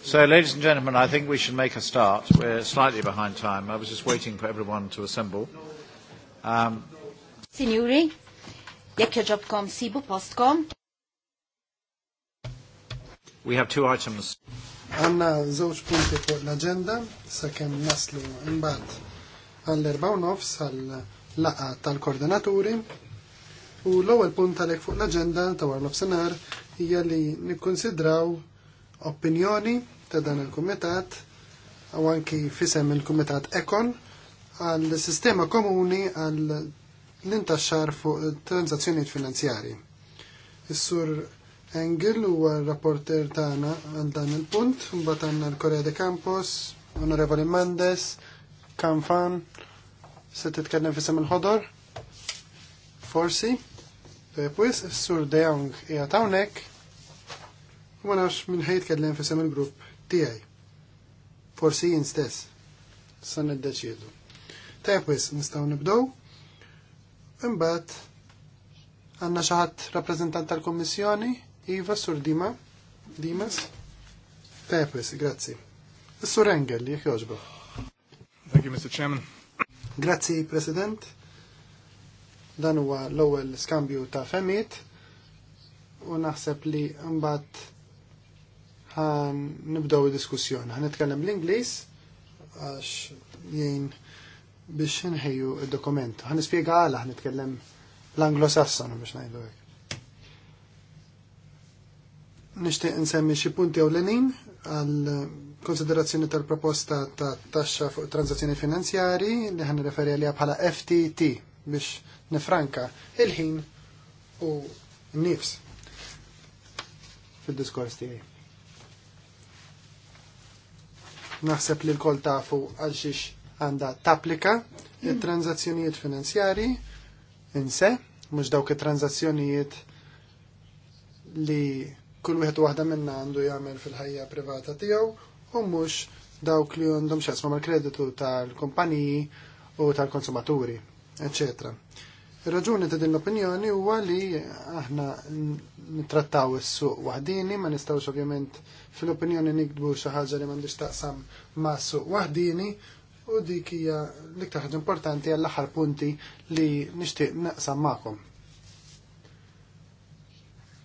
So, ladies and gentlemen, I think we should make a start. We're slightly behind time. I was just waiting for everyone to assemble. Um, Signori, jekk joġobkom sibu postkom. We have two items. Għanna żewġ punti fuq l-agenda, sakemm naslu imbagħad għall-erba' nofs għall-laqa tal-koordinaturi. U l-ewwel punt għalhekk fuq l agenda ta' warlof senar jgħalli nikkonsidraw opinjoni ta' dan il-Kumitat għaw anki fisem il-Kumitat Ekon għal sistema komuni għal l-intaxxar fuq transazzjonijiet finanzjari. Is-sur Engel huwa rapporter tagħna għal dan il-punt, mbagħad l-Korea de Campos, Onorevoli Mendes, Kamfan, se titkellem fisem il-ħodor? Forsi? Pwis, sur De Jong hija hawnhekk U ma nafx minn ħajt kellem fisem il-grupp tiegħi. Forsi jien stess. Sa niddeċiedu. Tajb wis nistgħu nibdew. Imbagħad għandna xi ħadd rappreżentant tal-Kummissjoni, Iva Sur Dima, Dimas. Tajb wis, grazzi. Is-Sur Engel, jekk jogħġbu. Thank you, Mr. Chairman. Grazzi, President. Dan huwa l-ewwel skambju ta' femiet u naħseb li mbagħad ħan nibdow id-diskussjoni. nitkellem l-Ingliż għax jien biex nħejju id-dokument. Għan nispiega għala ħan nitkellem l anglo sasson biex ngħidu hekk. Nixtieq nsemmi xi punti ewlenin għal konsiderazzjoni tal-proposta ta' taxxa fuq transazzjoni finanzjari li għan referi għalija bħala FTT biex nifranka il-ħin u n nifs fil-diskors tiegħi. naħseb li l-kol tafu għalxiex għanda taplika il-tranzazzjonijiet finanzjari inse, mux dawk il-tranzazzjonijiet li kull wieħed waħda minna għandu jagħmel fil-ħajja privata tiegħu u mhux dawk li għandhom x'esma mal-kreditu tal-kumpaniji u tal-konsumaturi, eċċetera. Ir-raġuni ta' din l-opinjoni huwa li aħna nittrattaw is-suq waħdini, ma nistgħux ovvjament fil-opinjoni nikdbu xi ħaġa li mandiġ taqsam ma' suq waħdini u dik hija l-iktar ħaġa importanti għall aħħar punti li nixtieq naqsam magħkom.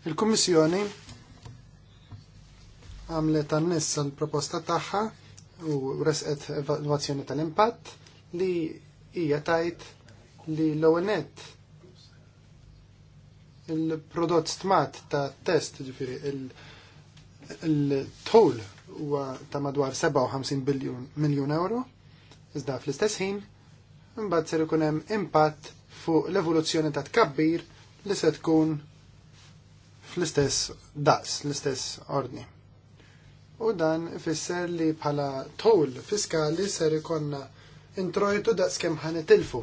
Il-Kummissjoni għamlet għannis l-proposta tagħha u resqet evalwazzjoni tal-impatt li hija tajt li l-ewwel nett il-prodott stmat ta' test, ġifiri, il-toll huwa ta' madwar 57 biljun miljun euro, iżda fl-istess ħin, imbagħad ser ikun hemm impatt fuq l-evoluzzjoni ta' tkabbir li se tkun fl-istess daqs, l-istess ordni. U dan ifisser li bħala toll fiskali ser ikonna introjtu daqs kemm ħanitilfu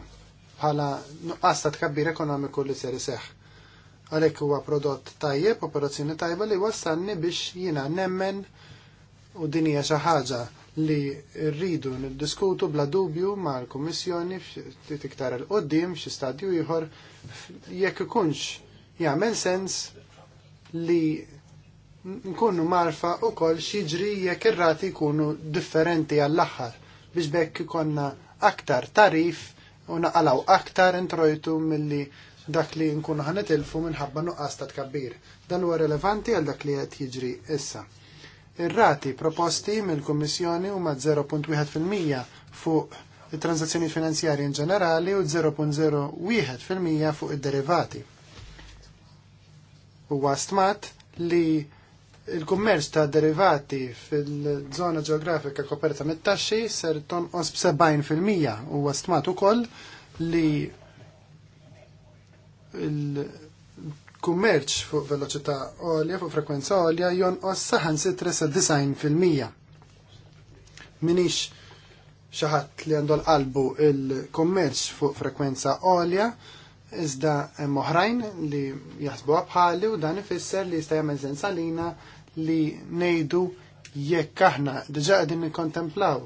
bħala nuqqas ta' tkabbir ekonomiku li ser iseħħ Għalhekk huwa prodott tajjeb, operazzjoni tajba li wassalni biex jiena nemmen u din hija xi ħaġa li rridu niddiskutu bla dubju mal-Kummissjoni ftit iktar il qoddim xi stadju ieħor jekk ikunx jagħmel sens li nkunu marfa u kol xieġri jekk ir-rati jkunu differenti għall aħħar biex bekk konna aktar tarif u naqalaw aktar introjtu mill-li dak li nkunu ħanetilfu minħabba nuqqas ta' tkabbir. Dan huwa relevanti għal dak li qed jiġri issa. Ir-rati proposti mill-Kummissjoni huma 0.1% fuq it-transazzjoni finanzjarji in ġenerali u 0.01% fuq id-derivati. Huwa stmat li il-kummerċ ta' derivati fil-żona ġeografika koperta mit-taxxi ser tonqos b'70% u stmat ukoll li il-kummerċ fuq veloċità għolja, fuq frekwenza għolja, jonqos saħan design fil-mija. Minix xaħat li għandu l-qalbu il-kummerċ fuq frekwenza għolja, iżda hemm oħrajn li jaħsbuha għabħali u dan ifisser li jista' jagħmel sensalina li ngħidu jekk aħna diġa qegħdin nikkontemplaw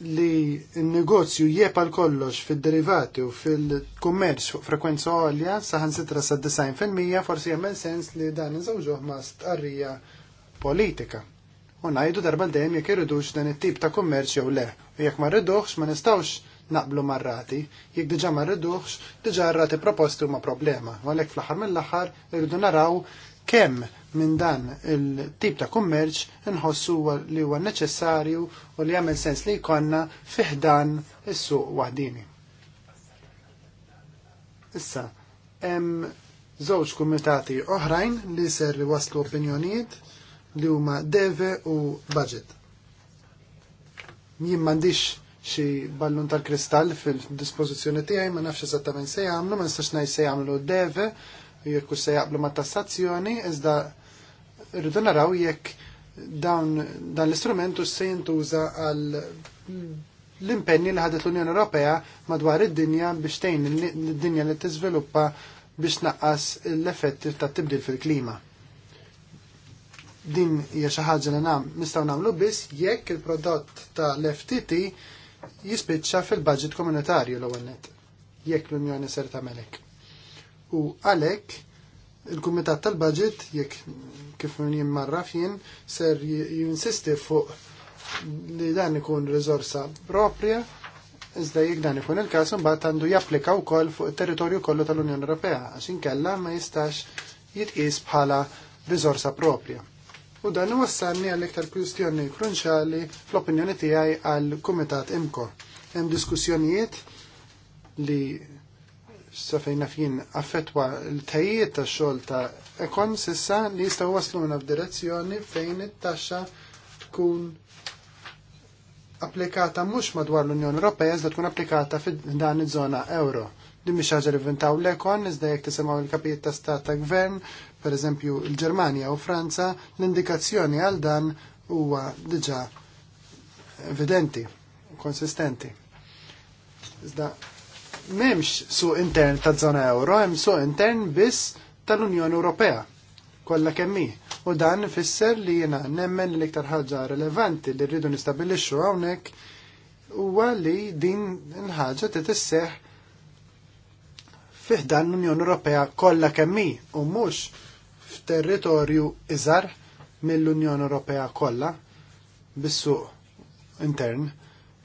li n-negozju jepal kollox fil-derivati u fil-kummerċ fuq frekwenza għolja saħan sitra sa' 90% forsi jemmen sens li dan nżawġuħ ma' stqarrija politika. U najdu darba l dem jek irridux dan it-tip ta' kummerċ jew le. U jekk ma rridux ma nistawx naqblu marrati. Jekk diġa ma rridux, diġa rrati proposti huma problema. Għalhekk fl-aħħar mill-aħħar irridu naraw kemm minn dan il-tip ta' kummerċ nħossu li huwa neċessarju u li jagħmel sens li jkollna fiħdan is-suq waħdini. Issa, hemm żewġ kumitati oħrajn li ser li waslu opinjonijiet li huma deve u budget. Jien mandiċ xi ballun tal-kristall fil-dispożizzjoni tiegħi ma nafx eżattament se jagħmlu, ma nistax ngħid se jagħmlu deve jekk se jaqblu ma' tassazzjoni, iżda rridu naraw jekk dan, dan l-istrumentu se jintuża għal l-impenni li ħadet l-Unjoni Ewropea madwar id-dinja biex tgħin id-dinja li tiżviluppa biex naqqas l-effetti tat tibdil fil-klima. Din hija xi ħaġa li nam nistgħu nagħmlu biss jekk il-prodott tal ftt jispiċċa fil-budget komunitarju l-ewwel net jekk l-Unjoni ser tagħmelek. U għalhekk il-Kumitat tal-Budget jekk kif jimmarraf jien ser jinsisti fuq li dan ikun rizorsa propria iżda jekk dan ikun il-każ imbagħad għandu japplika wkoll fuq it-territorju kollu tal-Unjoni Ewropea għax inkella ma jistax jitqies bħala rizorsa propria. U dan wassalni għall iktar kwistjoni krunċali fl-opinjoni tiegħi għal Kumitat Imko. Hemm diskussjonijiet li s-safajna fjien affetwa l-tajiet ta' xogħol ta' ekon sissa li jistgħu wasluna f'direzzjoni fejn it-taxxa tkun applikata mhux madwar l-Unjoni Ewropea iżda tkun applikata f'dan iż-żona euro. Din mhix ħaġa li vintaw l-ekon iżda jekk tisimgħu l-kapijiet ta' stat ta' gvern, pereżempju l-Ġermanja u Franza, l-indikazzjoni għal dan huwa diġà evidenti, konsistenti. Iżda memx su intern ta' zona euro, hemm su intern biss tal-Unjoni Ewropea. Kolla kemmi. U dan fisser li jena nemmen l-iktar ħaġa relevanti li rridu nistabilixxu hawnhekk huwa li din il-ħaġa titisseħ fih dan l-Unjoni Ewropea kollha kemmi u mhux f'territorju iżar mill-Unjoni Ewropea kollha bis-suq intern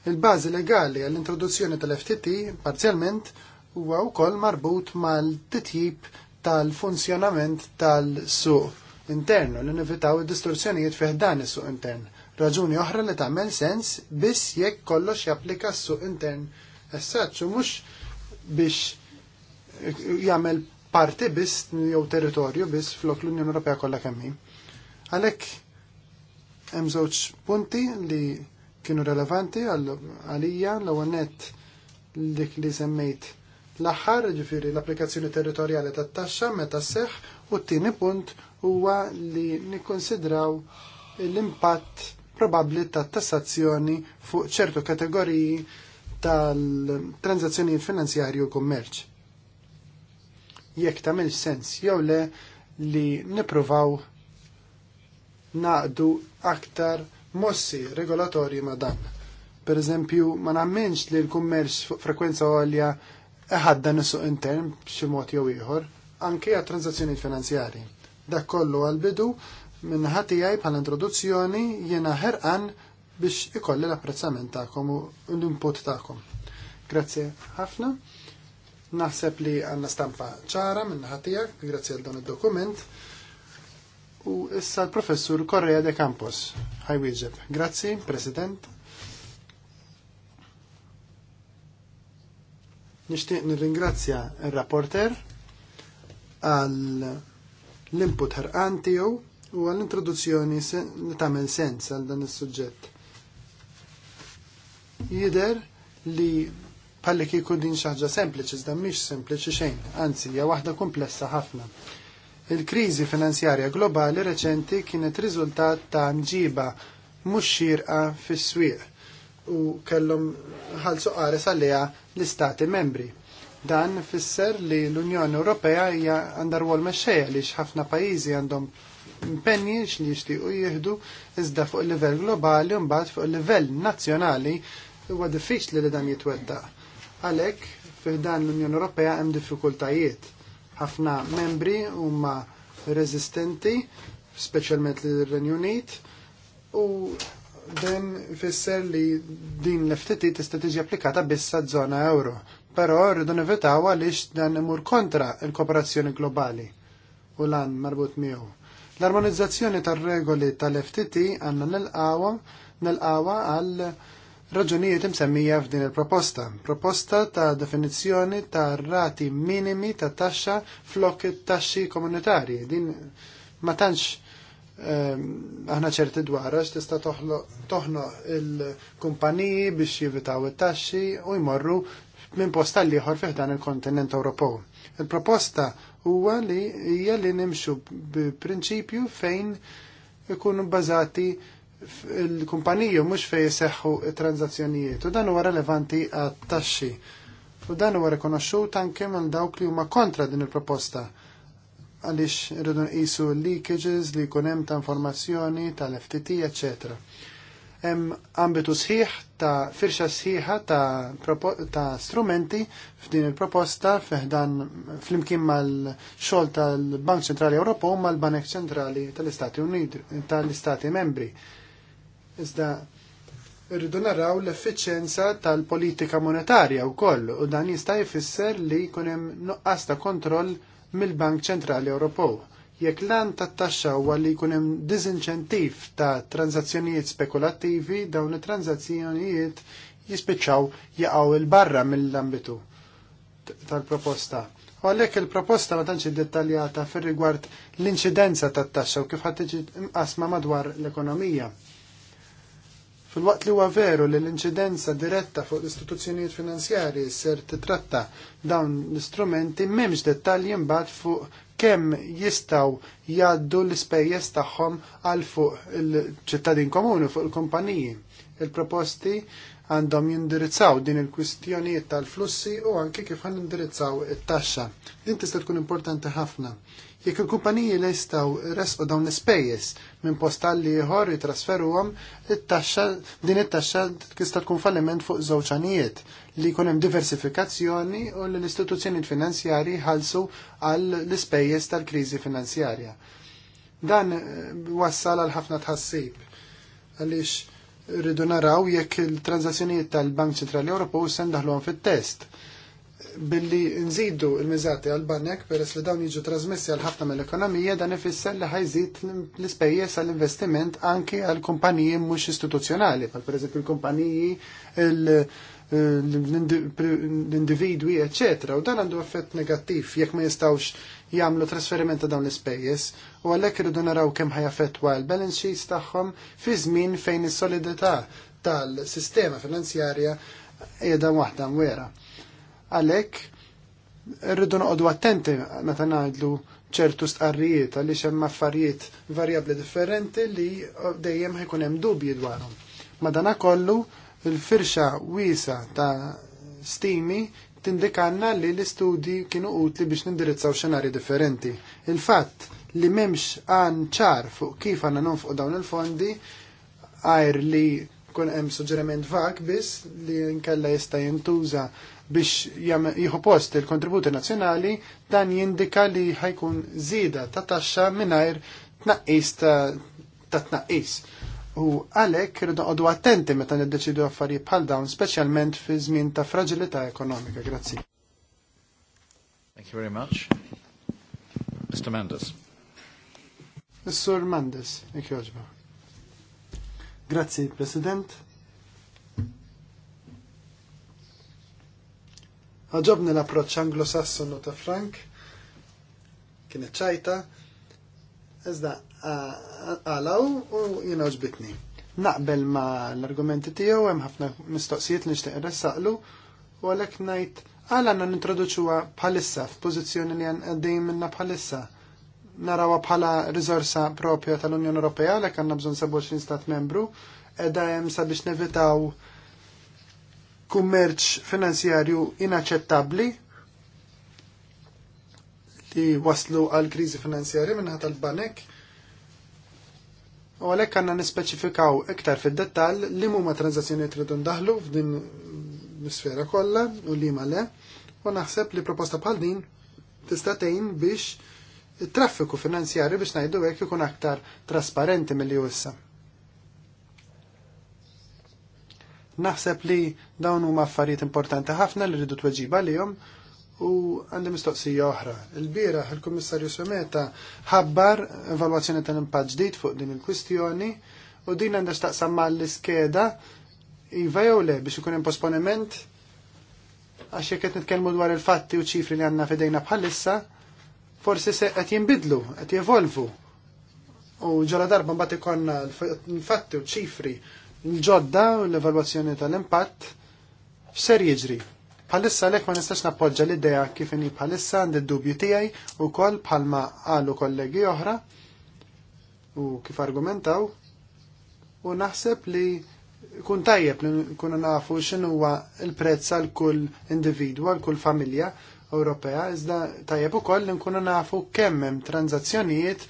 Il-bażi legali għall-introduzzjoni tal-FTT parzjalment huwa wkoll marbut mal-titjib tal-funzjonament tal-suq internu li nivitaw id-distorsjonijiet fih dan is-suq intern. Raġuni oħra li tagħmel sens biss jekk kollox japplika s-suq intern. u mhux biex jagħmel parti biss jew territorju biss flok l-Unjoni Ewropea kollha kemm hi. Għalhekk hemm żewġ punti li kienu relevanti għalija l net dik li semmejt l-aħħar ġifiri l-applikazzjoni territorjali tat taxxa meta seħ u t-tieni punt huwa li nikkonsidraw l-impatt probabbli tat tassazzjoni fuq ċertu kategoriji tal-tranzazzjonijiet finanzjarji u kummerċ. Jekk tagħmel sens jew le li nippruvaw naqdu aktar mossi regolatorji ma' dan. Per eżempju, ma nammenx li l-kummerċ fuq frekwenza għolja eħaddan is-suq intern b'xi mod jew ieħor, anke għat transazzjoni finanzjari. Dak kollu għal-bidu minn għaj bħala introduzzjoni jena ħerqan biex ikolli l-apprezzament tagħkom u l-input tagħkom. Grazzi ħafna. Naħseb li għanna stampa ċara minn ħatijak, grazzi għal dan id-dokument. U issa l-professur Correa de Campos ħajwieġeb. Grazzi, President. Nishtiq nirringrazzja il-rapporter għal l-input ħarqan tiegħu u għall introduzzjoni li tagħmel sens għal dan is-suġġett. Jider li bħalli kieku din xi ħaġa sempliċi iżda mhix sempliċi xejn, anzi hija waħda komplessa ħafna. Il-kriżi finanzjarja globali reċenti kienet riżultat ta' mġiba mhux xirqa fis-swieq u kellhom ħalsu qares għaliha l-istati membri. Dan fisser li l-Unjoni Ewropea hija għandha rwol mexxejja li ħafna pajjiżi għandhom impenji li jixtiequ jieħdu iżda fuq il-livell globali u mbagħad fuq il-livell nazzjonali huwa diffiċli li dan jitwettaq. Għalhekk f'dan l-Unjoni Ewropea hemm diffikultajiet ħafna membri huma rezistenti, speċjalment l-Renju Unit, u dan fisser li din l-FTT tista' tiġi applikata bissa żona euro. Però rridu nevitaw għaliex dan imur kontra l-kooperazzjoni globali u lan marbut miegħu. L-armonizzazzjoni tar-regoli tal-FTT għandna nilqawha nilqawa għal raġunijiet imsemmija f'din il-proposta. Proposta ta' definizzjoni ta' rati minimi ta' taxxa flok taxxi komunitarji. Din ma tantx ehm, aħna ċerti dwarra x'tista' toħno il-kumpaniji biex jivitaw it-taxxi u jmorru minn posta l-ieħor fih dan il-kontinent Ewropew. Il-proposta huwa li hija li nimxu b'prinċipju fejn ikunu bbażati il kumpanija mhux fejn jseħħu tranzazzjonijiet u dan huwa relevanti għat-taxxi. U dan huwa rikonoxxut anke minn dawk li huma kontra din il-proposta għaliex irridu nqisu leakages li jkun hemm ta' informazzjoni tal-FTT, ecc. Hemm ambitu sħiħ ta' firxa sħiħa ta', ta strumenti f'din il-proposta fiħdan flimkien mal-xogħol tal-Bank Ċentrali Ewropew mal-Bank Ċentrali tal-Istati Uniti tal-Istati Membri Iżda irridu naraw l-effiċenza tal-politika monetarja wkoll u dan jista' jfisser li jkun hemm nuqqas ta' kontroll mill-Bank Ċentrali Ewropew. Jekk lan ta' taxxa huwa li jkun hemm diżinċentiv ta' tranzazzjonijiet spekulattivi dawn it-tranzazzjonijiet jispiċċaw jaqgħu il-barra mill-ambitu tal-proposta. U għalhekk il-proposta ma tantx iddettaljata fir-rigward l-inċidenza tat-taxxa u kif ħadd tiġi imqasma madwar l-ekonomija. Fil-waqt li huwa veru li l-inċidenza diretta fuq l-istituzzjonijiet finanzjarji ser titratta dawn l-istrumenti m'hemmx dettalji mbagħad fuq kemm jistgħu jgħaddu l-ispejjeż tagħhom għal fuq il-ċittadin komuni fuq il-kumpaniji. Il-proposti għandhom jindirizzaw din il-kwistjonijiet tal-flussi u anke kif għan indirizzaw it-taxxa. Din tista' tkun importanti ħafna Jekk il-kumpaniji li jistaw resqu dawn l-ispejjeż minn post li ieħor jitrasferuhom, it-taxxa din it-taxxa tista' tkun falliment fuq żewġ li jkun hemm diversifikazzjoni u l-istituzzjoni finanzjarji ħalsu għal l-ispejjeż tal-kriżi finanzjarja. Dan eh, wassal għal ħafna tħassib għaliex rridu naraw jekk il-transazzjonijiet tal-Bank Ċentrali Ewropew se fit-test billi nżidu il-miżati għal-banek peress li dawn jiġu trasmessi għal ħafna mill-ekonomija dan ifisser li ħajżid l-ispejjeż għall-investiment anki għal kumpaniji mhux istituzzjonali, bħal pereżempju l-kumpaniji l-individwi, eccetera, u dan għandu effett negattiv jekk ma jistawx jagħmlu trasferiment ta' dawn l-ispejjeż u għalhekk irridu naraw kemm ħajaffettwa l-balance sheets tagħhom fi żmien fejn is-solidità tal-sistema finanzjarja qiegħda waħda mwera. Għalhekk rridu noqogħdu attenti meta ngħidlu ċertu stqarrijiet għaliex hemm affarijiet varjabbli differenti li dejjem ħajkun hemm dubji dwarhom. Madana kollu il-firxa wiesa ta' stimi tindikanna li l-istudji kienu utli biex nindirizzaw xenari differenti. Il-fatt li memx għan ċar fuq kif għanna nonfuq dawn il-fondi, għajr li kun hemm suġġeriment vak biss li nkella jista' jintuża biex jieħu post il-kontributi nazzjonali dan jindika li ħajkun zida ta' taxxa mingħajr tnaqqis ta' tnaqqis. U għalek rridu għoddu attenti meta niddeċidu affarijiet bħal dawn, speċjalment fi żmien ta' fragilità ekonomika. Grazzi. Thank you very much. Mr. Mendes. Mr. sur Mendes, jekk joġba. Grazzi, President. Għagġobni l-approċ anglosassonu ta' Frank, kienet ċajta, iżda għalaw u jina uġbitni. Naqbel ma l-argumenti tiegħu hemm ħafna mistoqsijiet li nixtieq irressaqlu u għalhekk ngħid għal għandna nintroduċuha bħalissa f'pożizzjoni li għaddejjin minna bħalissa Naraw bħala rizorsa propja tal-Unjoni Ewropea għalhekk għandna bżonn 27 stat membru edha hemm sabiex nevitaw kummerċ finanzjarju inaċċettabbli li waslu għal kriżi finanzjarja minnaħat tal-banek. U għalhekk għandna nispeċifikaw iktar fid-dettall li huma tranzazzjonijiet li ndaħlu f'din l-sfera kollha u li ma le. U naħseb li proposta bħal din tista' tgħin biex it-traffiku finanzjarju biex ngħidu hekk ikun aktar trasparenti mill-li issa. Naħseb li dawn huma affarijiet importanti ħafna li rridu tweġiba għalihom u għandi mistoqsija oħra. Il-bieraħ il-Kummissarju Sumeta ħabbar evalwazzjoni tal-impatt ġdid fuq din il-kwistjoni u din għandha x'taqsam mal-iskeda iva jew le biex ikun hemm posponiment għax jekk qed nitkellmu dwar il-fatti u ċifri li għandna fidejna bħalissa, forsi se qed jinbidlu, qed jevolvu. U ġola darba mbagħad ikollna l-fatti u ċifri l-ġodda u l-evalwazzjoni tal-impatt x'ser jiġri. Bħalissa lek ma nistax nappoġġa l-idea kif inhi bħalissa għandi d-dubju tiegħi ukoll bħalma qalu kollegi oħra u kif argumentaw u naħseb li kun tajjeb li kun nafu x'inhuwa l-prezz għal kull individwa, għal kull familja Ewropea, iżda tajjeb ukoll li nkunu nafu kemm hemm tranzazzjonijiet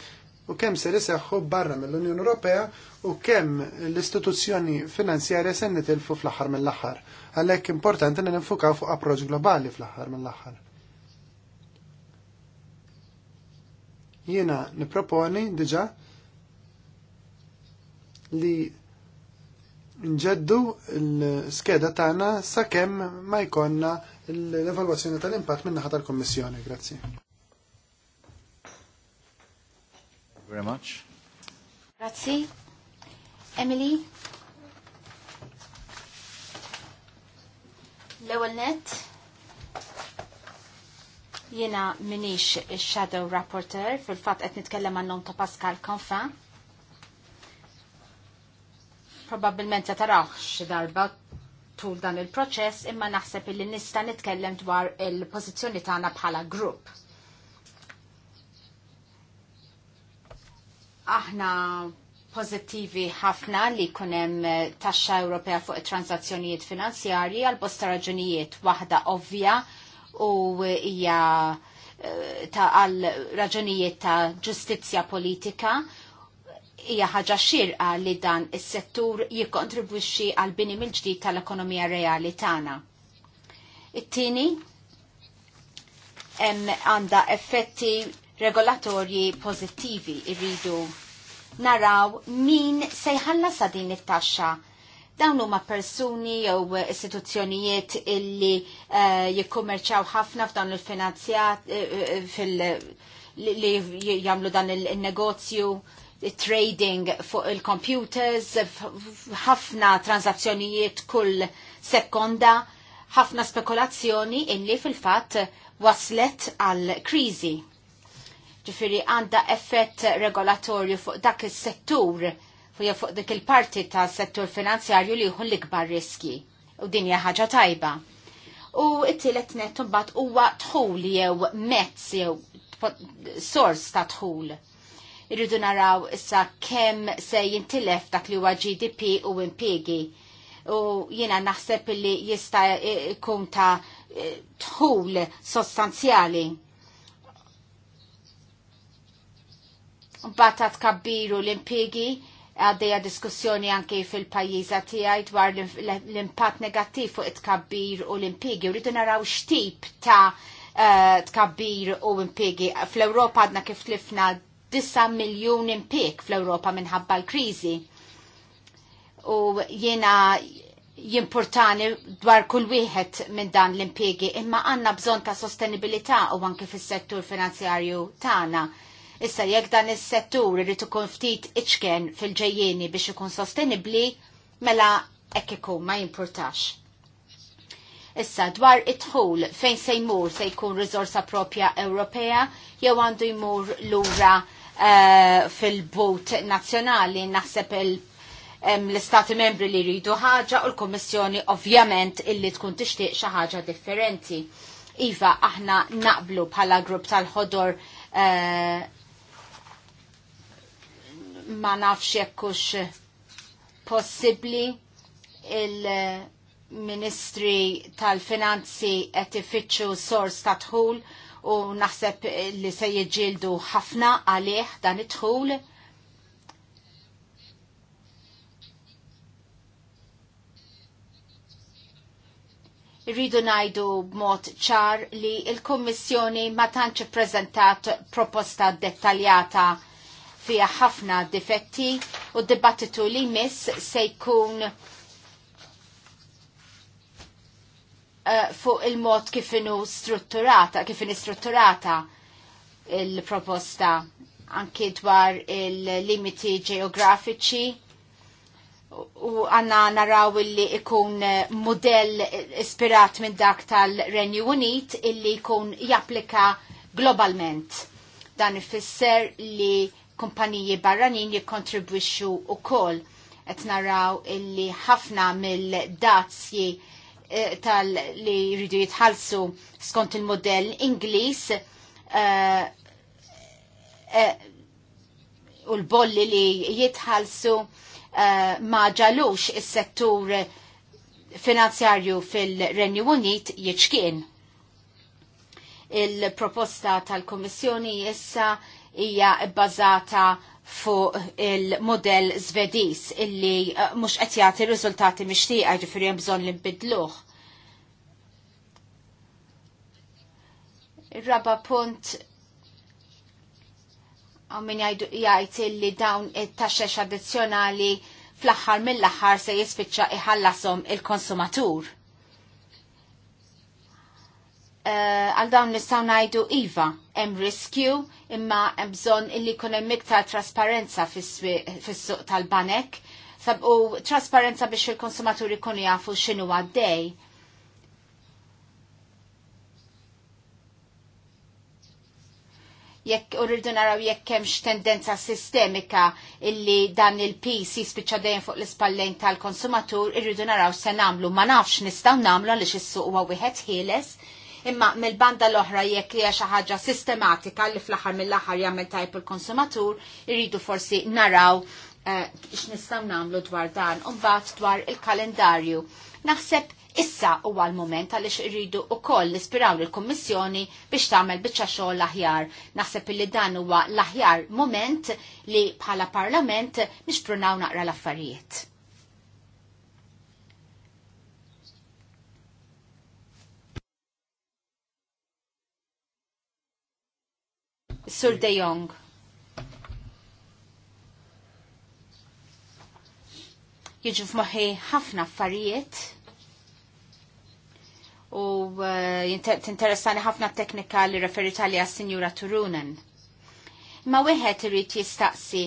u kemm se riseħħu barra mill-Unjoni Ewropea u kemm l-istituzzjoni finanzjarja se nitilfu fl-aħħar mill-aħħar. Għalhekk importanti li nifukaw fuq approċċ globali fl-aħħar mill-aħħar. Jiena nipproponi diġà li nġeddu l-skeda tagħna sakemm ma jkollna l-evalwazzjoni tal-impatt min-naħa tal-Kommissjoni. Grazzi. very much. Grazzi. Emily? L-ewel net? Jena minix il-Shadow Rapporteur, fil-fat qed nitkellem għannon ta' Pascal Confin. Probabilment se taraħ darba tul dan il-proċess, imma naħseb illi nista' nitkellem dwar il-pożizzjoni tagħna bħala grupp Aħna pozittivi ħafna li kunem eh, taxxa Ewropea fuq transazzjonijiet finanzjarji għal bosta raġunijiet waħda ovvja u hija eh, ta' għal raġunijiet ta' ġustizzja politika hija ħaġa xirqa li dan is-settur jikkontribwixxi għal bini mill-ġdid tal-ekonomija reali tagħna. It-tieni hemm għandha effetti regolatorji pozittivi irridu naraw min se sa din it-taxxa. Dawn huma persuni jew istituzzjonijiet illi eh, jikkummerċaw ħafna f'dan il-finanzjat eh, eh, fil li jagħmlu dan il-negozju trading fuq il-computers, ħafna transazzjonijiet kull sekonda, ħafna spekulazzjoni illi fil-fatt waslet għal kriżi ġifiri għanda effett regolatorju fuq dak il-settur fuq fuq dik il-parti ta' settur finanzjarju li jħu l-ikbar riski u din hija ħaġa tajba. U it-tielet nett imbagħad huwa tħul jew mezz jew sors ta' tħul. Irridu naraw issa kemm se jintilef dak li huwa GDP u impiegi. U jiena naħseb li jista' jkun ta' tħul sostanzjali Mbata kabbiru l impigi għaddeja diskussjoni anke fil-pajjiża tiegħi dwar l-impatt negattiv fuq it-tkabbir u l-impigi. Uridu naraw x'tip ta' eh, tkabbir u impigi. Fl-Ewropa għadna kif tlifna 9 miljun impig fl-Ewropa minħabba l-kriżi. U jiena jimportani dwar kull wieħed minn dan l impigi imma għanna bżon ta' sostenibilità u anke fis-settur finanzjarju tagħna Issa jekk dan is-settur irid ikun ftit iċken fil-ġejjeni biex ikun sostenibbli, mela hekk ikun ma jimpurtax. Issa dwar it-dħul fejn se jmur se jkun riżorsa propja Ewropea jew għandu jmur lura uh, fil-but nazzjonali naħseb il- l-istati membri li rridu ħaġa u l-Kommissjoni ovvjament illi tkun tixtieq xi ħaġa differenti. Iva, aħna naqblu bħala grupp tal-ħodor uh, ma nafx jekkux possibli il-Ministri tal-Finanzi qed ifittxu sors ta' tħul u naħseb li se jiġġieldu ħafna għalih dan id-dħul. rridu najdu b'mod ċar li il-Kommissjoni ma tantx ippreżentat proposta dettaljata fija ħafna difetti u dibattitu li miss se jkun uh, fuq il-mod kif inu strutturata, kif inu strutturata il-proposta anki dwar il-limiti ġeografiċi u għanna naraw illi ikun modell ispirat minn dak tal-Renju Unit illi jkun japplika globalment. Dan ifisser li kumpaniji barranin jikkontribwixxu wkoll qed naraw illi ħafna mill dazji eh, tal li jridu jitħallsu skont il-modell Ingliż eh, eh, u l-bolli li jitħallsu ma ġalux is-settur finanzjarju fil-Renju Unit jiċkien. Il-proposta tal-Komissjoni issa hija bbażata fuq il-modell Zvedis illi eh, mhux qed jagħti riżultati mixtieqa jiġifieri hemm bżonn li nbidluh. Raba punt għaw min jgħajt illi dawn it-taxxex addizzjonali fl-axħar mill-axħar se jispiċċa iħallasom il-konsumatur. Eh, għal dawn nistgħu ngħidu iva hemm riskju imma hemm bżonn illi jkun hemm iktar trasparenza fis-suq tal-banek u trasparenza biex il-konsumaturi ikunu jafu x'inhu għaddej. jekk urridu naraw jekk hemmx tendenza sistemika illi dan il pc spiċċa dejjem fuq l-ispallejn tal-konsumatur, irridu naraw se nagħmlu ma nafx nistgħu nagħmlu għaliex is-suq huwa wieħed ħieles imma mill-banda l-oħra jekk hija xi ħaġa sistematika li fl-aħħar mill-aħħar jagħmel tajb il-konsumatur, irridu forsi naraw eh, x'nistgħu nagħmlu dwar dan u mbagħad dwar il-kalendarju. Naħseb issa huwa l mument għaliex irridu wkoll nispiraw lill-Kummissjoni biex tagħmel biċċa xogħol l-aħjar. Naħseb li dan huwa l-aħjar moment li bħala Parlament nixprunaw naqra l-affarijiet. Sur De Jong. Jiġu f'moħħi ħafna affarijiet u uh, tinteressani ħafna teknika li referita li għas-Sinjura Turunen. Ma wieħed irid jistaqsi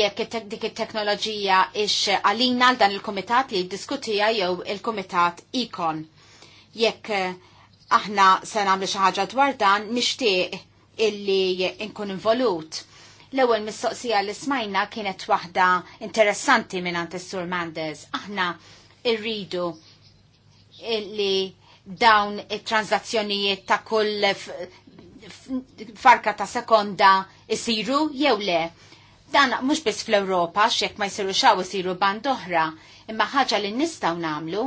jekk dik it-teknoloġija ix għalina għal dan il-komitat li jiddiskutija jew il-komitat ikon. Jekk uh, aħna se nagħmlu xi ħaġa dwar dan nixtieq illi nkun involut. L-ewwel mistoqsija li smajna kienet waħda interessanti minn għandi sur Mandez. Aħna irridu illi dawn it transazzjonijiet ta' kull farka ta' sekonda isiru jew le. Dan mhux biss fl-Ewropa x'jekk ma jsiru xaw isiru band oħra, imma ħaġa li nistgħu nagħmlu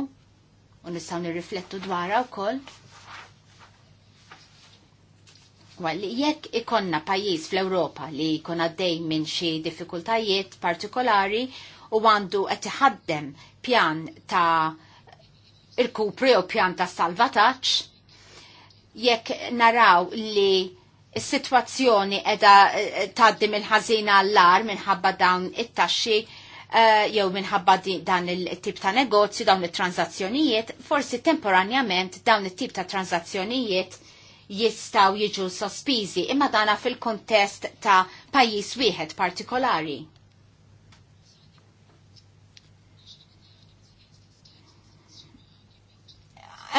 u nistgħu nirriflettu dwarha wkoll Iva, jekk ikonna pajjiż fl-Ewropa li jkun għaddej minn xi diffikultajiet partikolari u għandu qed iħaddem pjan ta' irkupri u pjan ta' salvataġġ, jekk naraw li s-sitwazzjoni edha eh, tgħaddi mill-ħażina għall-ar minħabba dawn it-taxxi eh, jew minħabba dan il-tip ta' negozju, dawn it tranzazzjonijiet forsi temporanjament dawn it-tip ta' transazzjonijiet jistaw jiġu sospiżi imma dana fil-kontest ta' pajis wieħed partikolari.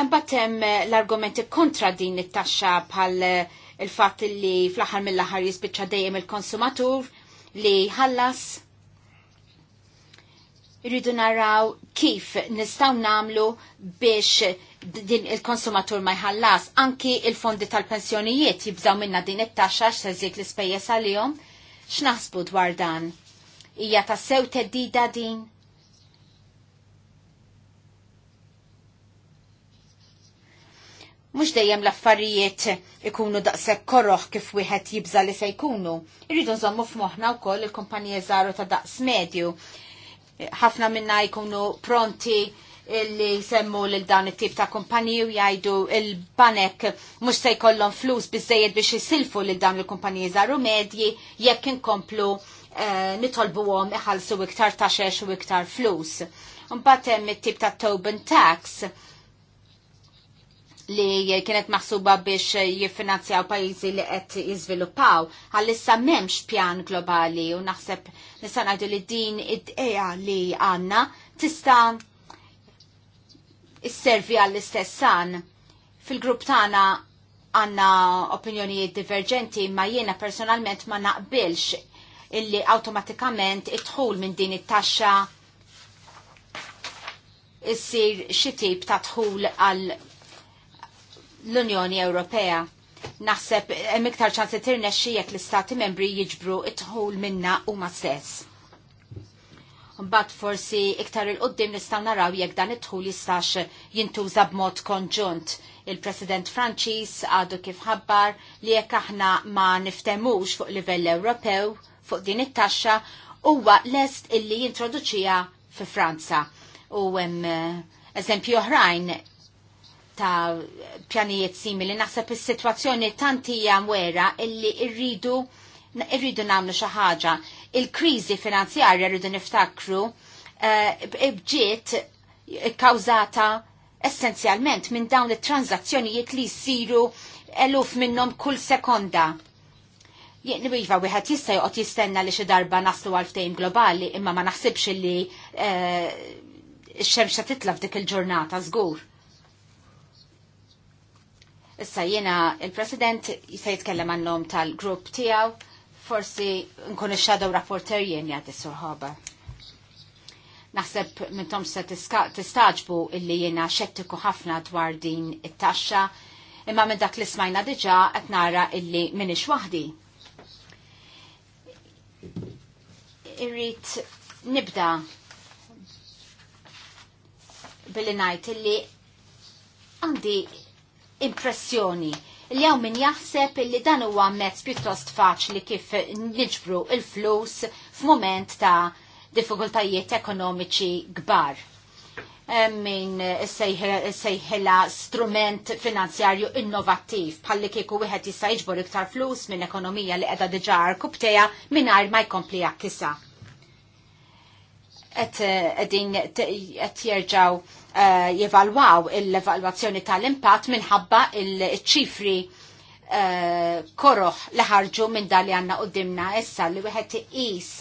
Embatem l-argumenti kontra din it-taxxa bħal il-fatt li fl-aħħar mill-aħħar jispiċċa dejjem il-konsumatur li ħallas irridu naraw kif nistaw namlu biex din il-konsumatur ma jħallas, anki il-fondi tal-pensjonijiet jibżaw minna din it-taxxa x'seżiet l-ispejjeż għalihom. X'naħsbu dwar dan? Hija tassew teddida din? Mux dejjem l-affarijiet ikunu daqshekk korroħ kif wieħed jibża li se jkunu. Irridu nżommu f'moħħna wkoll il-kumpanija żaru ta' daqs medju. Ħafna minna jkunu pronti li semmu lil dan it-tip ta' kumpaniji u jgħidu il-banek mhux se jkollhom flus biżejjed biex isilfu lil dawn il-kumpaniji żaru medji jekk inkomplu eh, nitolbuhom iħallsu iktar taxex u iktar flus. Mbagħad hemm it-tip ta' Tobin Tax li kienet maħsuba biex jiffinanzjaw pajizi li qed jiżviluppaw, għalissa m'hemmx pjan globali u naħseb nista' ngħidu li din id-dqeja li għandna tista' isservi għall-istess san. Fil-grupp tagħna għanna opinjonijiet divergenti ma jiena personalment ma naqbilx illi automatikament idħul minn din it-taxxa issir xi tip ta' dħul għal l-Unjoni Ewropea. Naħseb hemm iktar ċansi tirnexxi jekk l-istati membri jiġbru it-tħul minna huma stess mbagħad forsi iktar il-qoddim nistgħu naraw jekk dan id-dħul jistax jintuża b'mod konġunt. Il-President Franċis għadu kif ħabbar li jekk aħna ma niftemux fuq livell Ewropew fuq din it-taxxa huwa lest illi jintroduċija fi Franza. U hemm eh, eżempju oħrajn ta' pjanijiet simili naħseb is-sitwazzjoni tant hija mwera illi rridu irridu nagħmlu xi ħaġa il-kriżi finanzjarja rridu niftakru eh, bġiet kawzata essenzjalment minn dawn it-tranzazzjonijiet li jsiru eluf minnhom kull sekonda. Jek nibiva wieħed jista' joqgħod jistenna li xi darba naslu għal ftehim globali imma ma naħsibx li x-xemxa eh, titla f'dik il-ġurnata żgur. Issa jiena il-President se jitkellem għannom tal-grupp tiegħu forsi nkun ix-shadow rapporter jien jgħati surħaba. Naħseb tom se tistaġbu illi jiena xettiku ħafna dwar din it-taxxa, imma minn dak li smajna diġà qed nara illi minix waħdi. Irrid nibda billi ngħid illi għandi impressjoni li hawn min jaħseb li dan huwa mezz pjuttost faċli kif niġbru il-flus f'mument ta' diffikultajiet ekonomiċi kbar min sejħela strument finanzjarju innovattiv palli kieku wieħed jista' jiġbor iktar flus minn ekonomija li qiegħda diġà kubteja mingħajr ma jkompli jakkisa qed eh, jirġaw jivalwaw eh, jevalwaw l-evalwazzjoni tal-impatt minħabba il-ċifri eh, koroħ li ħarġu minn dan li għandna dimna issa li wieħed iqis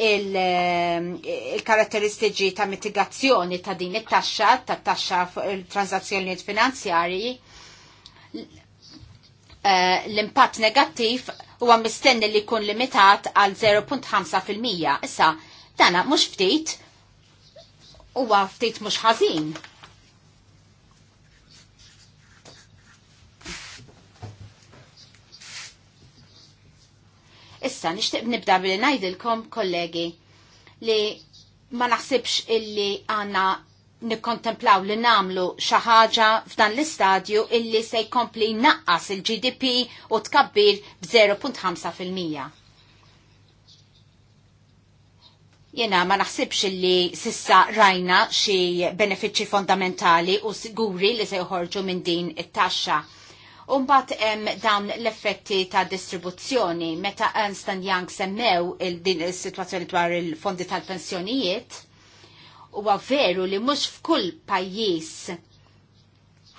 il-karatteristiġi ta' mitigazzjoni ta' din it-taxxa, ta' taxxa fuq il-transazzjonijiet finanzjarji, l-impatt negattiv huwa mistenni li jkun limitat għal 0.5%. Issa, Dana mhux ftit huwa ftit mhux ħażin. Issa nixtieq nibda billi ngħidilkom kollegi li ma naħsibx illi għandna nikkontemplaw li namlu xaħġa f'dan l-istadju illi se jkompli naqqas il-GDP u tkabbir b'0.5%. Jena ma naħsibx li sissa rajna xi benefiċċji fondamentali u siguri li se joħorġu minn din it-taxxa. Umbat em dawn l-effetti ta' distribuzzjoni, meta Ernst Young semmew il-din il-situazzjoni dwar il-fondi tal-pensjonijiet, u veru li mux f'kull pajjiż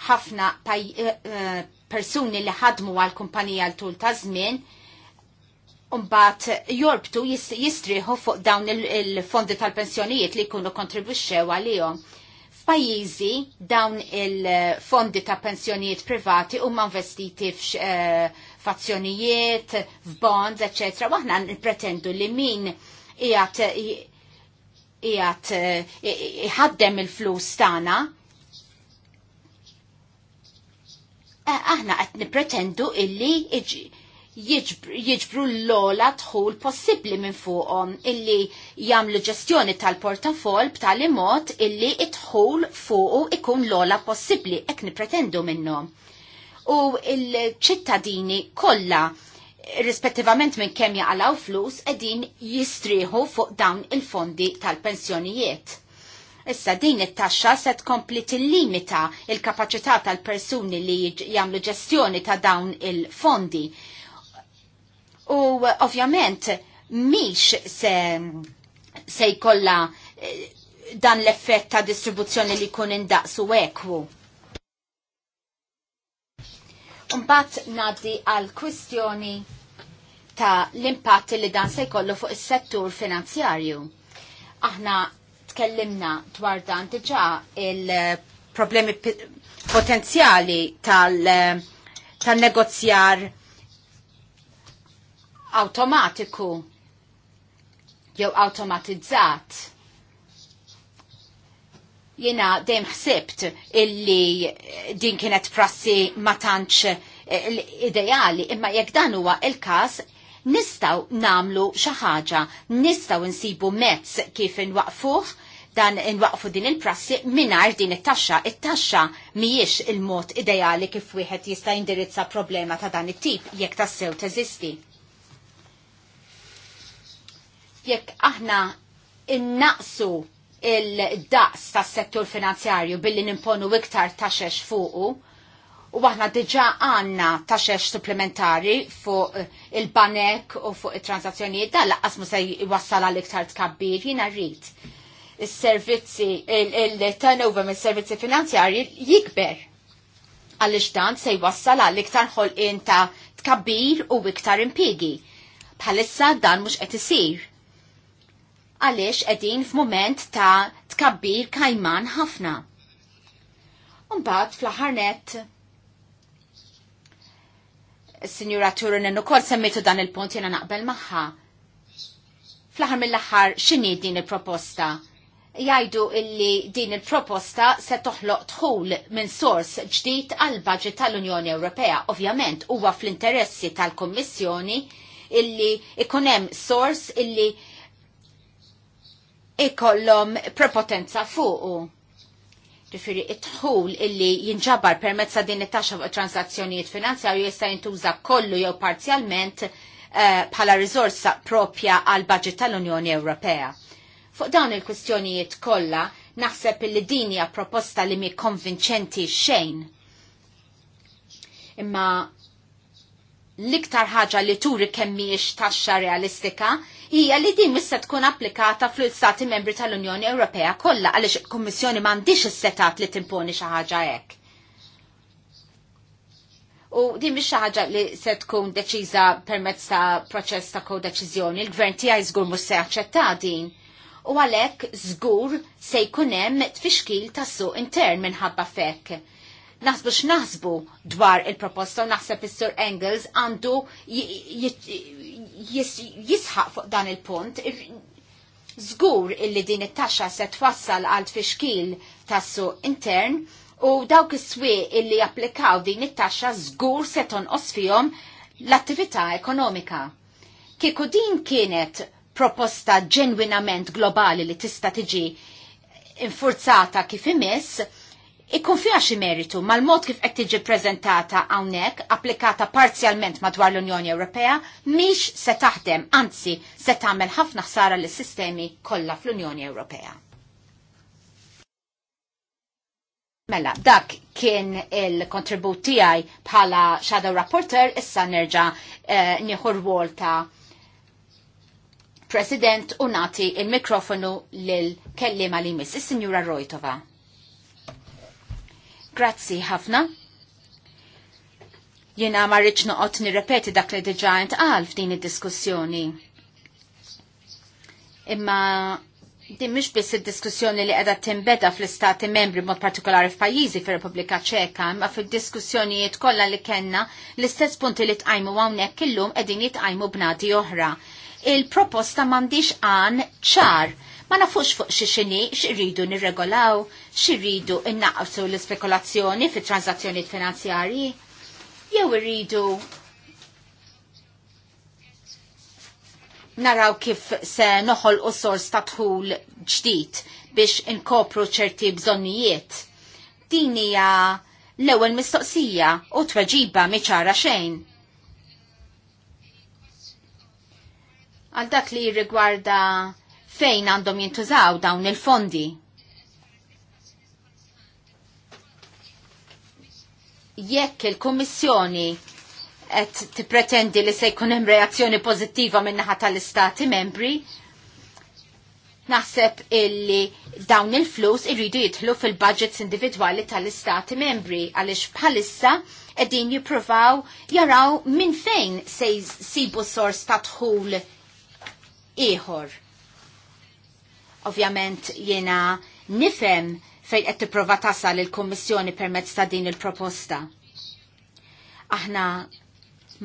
ħafna paj, uh, persuni li ħadmu għal kumpanija l-tul ta' żmien Umbat jorbtu jistriħu fuq dawn il-fondi tal-pensjonijiet li kunu kontribuxxew għalihom. F'pajjiżi dawn il-fondi ta' pensjonijiet privati huma investiti eh, f'azzjonijiet, f'bonds, etc. Waħna pretendu li min qiegħed eh, qiegħed iħaddem il-flus tagħna eh, aħna qed nippretendu illi jiġbru l-ola tħul possibli minn fuqhom illi jagħmlu ġestjoni tal-portafol b'tali mod illi tħul fuqu ikun l-ola possibli hekk nipretendu minnhom. U l-ċittadini kollha rispettivament minn kemm jaqalaw flus qegħdin jistrieħu fuq dawn il-fondi tal-pensjonijiet. Issa din it-taxxa se tkompli tillimita il-kapaċità tal-persuni li jagħmlu ġestjoni ta' dawn il-fondi U eh, ovvjament miex se, se jkolla eh, dan l-effett ta' distribuzzjoni li kun indaqsu ekwu. Umbat naddi għal kwistjoni ta' l-impatt li dan se jkollu fuq is-settur finanzjarju. Aħna tkellimna dwar dan diġà il-problemi potenzjali eh, tal-negozjar tal, tal negozjar automatiku jew automatizzat. Jena dejjem ħsibt illi din kienet prassi ma tantx eh, ideali, imma jekk dan huwa il-każ nistaw namlu xi ħaġa, nistaw insibu mezz kif inwaqfuh dan inwaqfu din il-prassi minar din it-taxxa. It-taxxa mhijiex il-mod ideali kif wieħed jista' jindirizza problema ta' dan it-tip jekk tassew teżisti jekk aħna innaqsu il-daqs tas settur finanzjarju billi nimponu iktar taxex fuqu, u aħna diġa għanna taxex supplementari fuq il-banek u fuq il-transazzjonijiet, da laqqas mu se jwassal l iktar tkabbir, jina rrit il-servizzi, il-turnover mis servizzi finanzjarji jikber. Għalix dan se jwassal l iktar ħolqien ta' tkabbir u iktar impigi. Bħalissa dan mux qed isir għaliex qegħdin f'mument ta' tkabbir kajman ħafna. Mbagħad fl-aħħar nett Signora Turinen ukoll semmitu dan il-punt jena naqbel magħha. Fl-aħħar mill-aħħar x'inhi din il-proposta? jajdu illi din il-proposta se toħloq tħul minn sors ġdid għal budget tal-Unjoni Ewropea. Ovvjament huwa fl-interessi tal-Kommissjoni illi ikonem sors illi ikollhom prepotenza fuqu. Ġifiri, it-tħul illi jinġabar permezz ta' din it-taxxa fuq transazzjonijiet finanzjarju jista' jintuża kollu jew parzjalment eh, bħala riżorsa propja għal budget tal-Unjoni Ewropea. Fuq dawn il-kwistjonijiet kollha naħseb illi din hija proposta li mi konvinċenti xejn. Imma l-iktar ħaġa li turi kemmiex taxxa realistika hija li din issa tkun applikata fl-Stati membri tal-Unjoni Ewropea kollha għaliex il-Kummissjoni m'għandix is-setat li timponi xi ħaġa hekk. U din mhix xi ħaġa li se tkun deċiża permezz ta' proċess ta' kodeċiżjoni, il-gvern tiegħi żgur mhux se jaċċetta din. U għalhekk żgur se jkun hemm tfixkil tas-suq intern minħabba fekk naħsbu dwar il-proposta u naħseb is-Sur Engels għandu jisħaq fuq dan il-punt. Żgur illi din it-taxxa se twassal għal tfixkil tassu intern u dawk is-swieq illi japplikaw din it-taxxa żgur se tonqos fihom l-attività ekonomika. Kieku din kienet proposta ġenwinament globali li tista' tiġi infurzata kif imiss, ikkun fija xi meritu mal-mod kif qed tiġi preżentata hawnhekk, applikata parzjalment madwar l-Unjoni Ewropea, mhix se taħdem, anzi se tagħmel ħafna ħsara lis sistemi kollha fl-Unjoni Ewropea. Mela, dak kien il-kontribut tiegħi bħala Shadow Rapporter, issa nerġa' eh, nieħu rwol ta' President u nati il-mikrofonu lil kellima li miss, is-Sinjura Rojtova. Grazzi ħafna. Jena ma rridx noqgħod nirrepeti dak li diġà intqal f'din id-diskussjoni. Imma din mhix biss id-diskussjoni li qiegħda timbeda fl-istati membri mod partikolari f'pajjiżi fir-Repubblika Ċeka, imma fid-diskussjonijiet kollha li kellna l-istess punti li tqajmu hawnhekk illum qegħdin jitqajmu b'nadi oħra. Il-proposta m'għandix għan ċar ma nafux fuq xi xini xirridu nirregolaw, xirridu innaqsu l-spekulazzjoni fi transazzjoni finanzjarji, jew irridu naraw kif se noħol u sors ta' tħul ġdid biex inkopru ċerti bżonnijiet. Din hija l-ewwel mistoqsija u tweġiba miċara xejn. Għal dak li rigwarda fejn għandhom jintużaw dawn il-fondi. Jekk il-Kommissjoni qed tippretendi li se jkun hemm reazzjoni pożittiva min naħa tal-istati membri, naħseb illi dawn il-flus irridu jidħlu fil-budgets individwali tal-istati membri għaliex bħalissa qegħdin jippruvaw jaraw minn fejn se jsibu sors ta' dħul ieħor Ovvjament jiena nifhem fejn qed tipprova tasal il-Kummissjoni permezz ta' din il-proposta. Aħna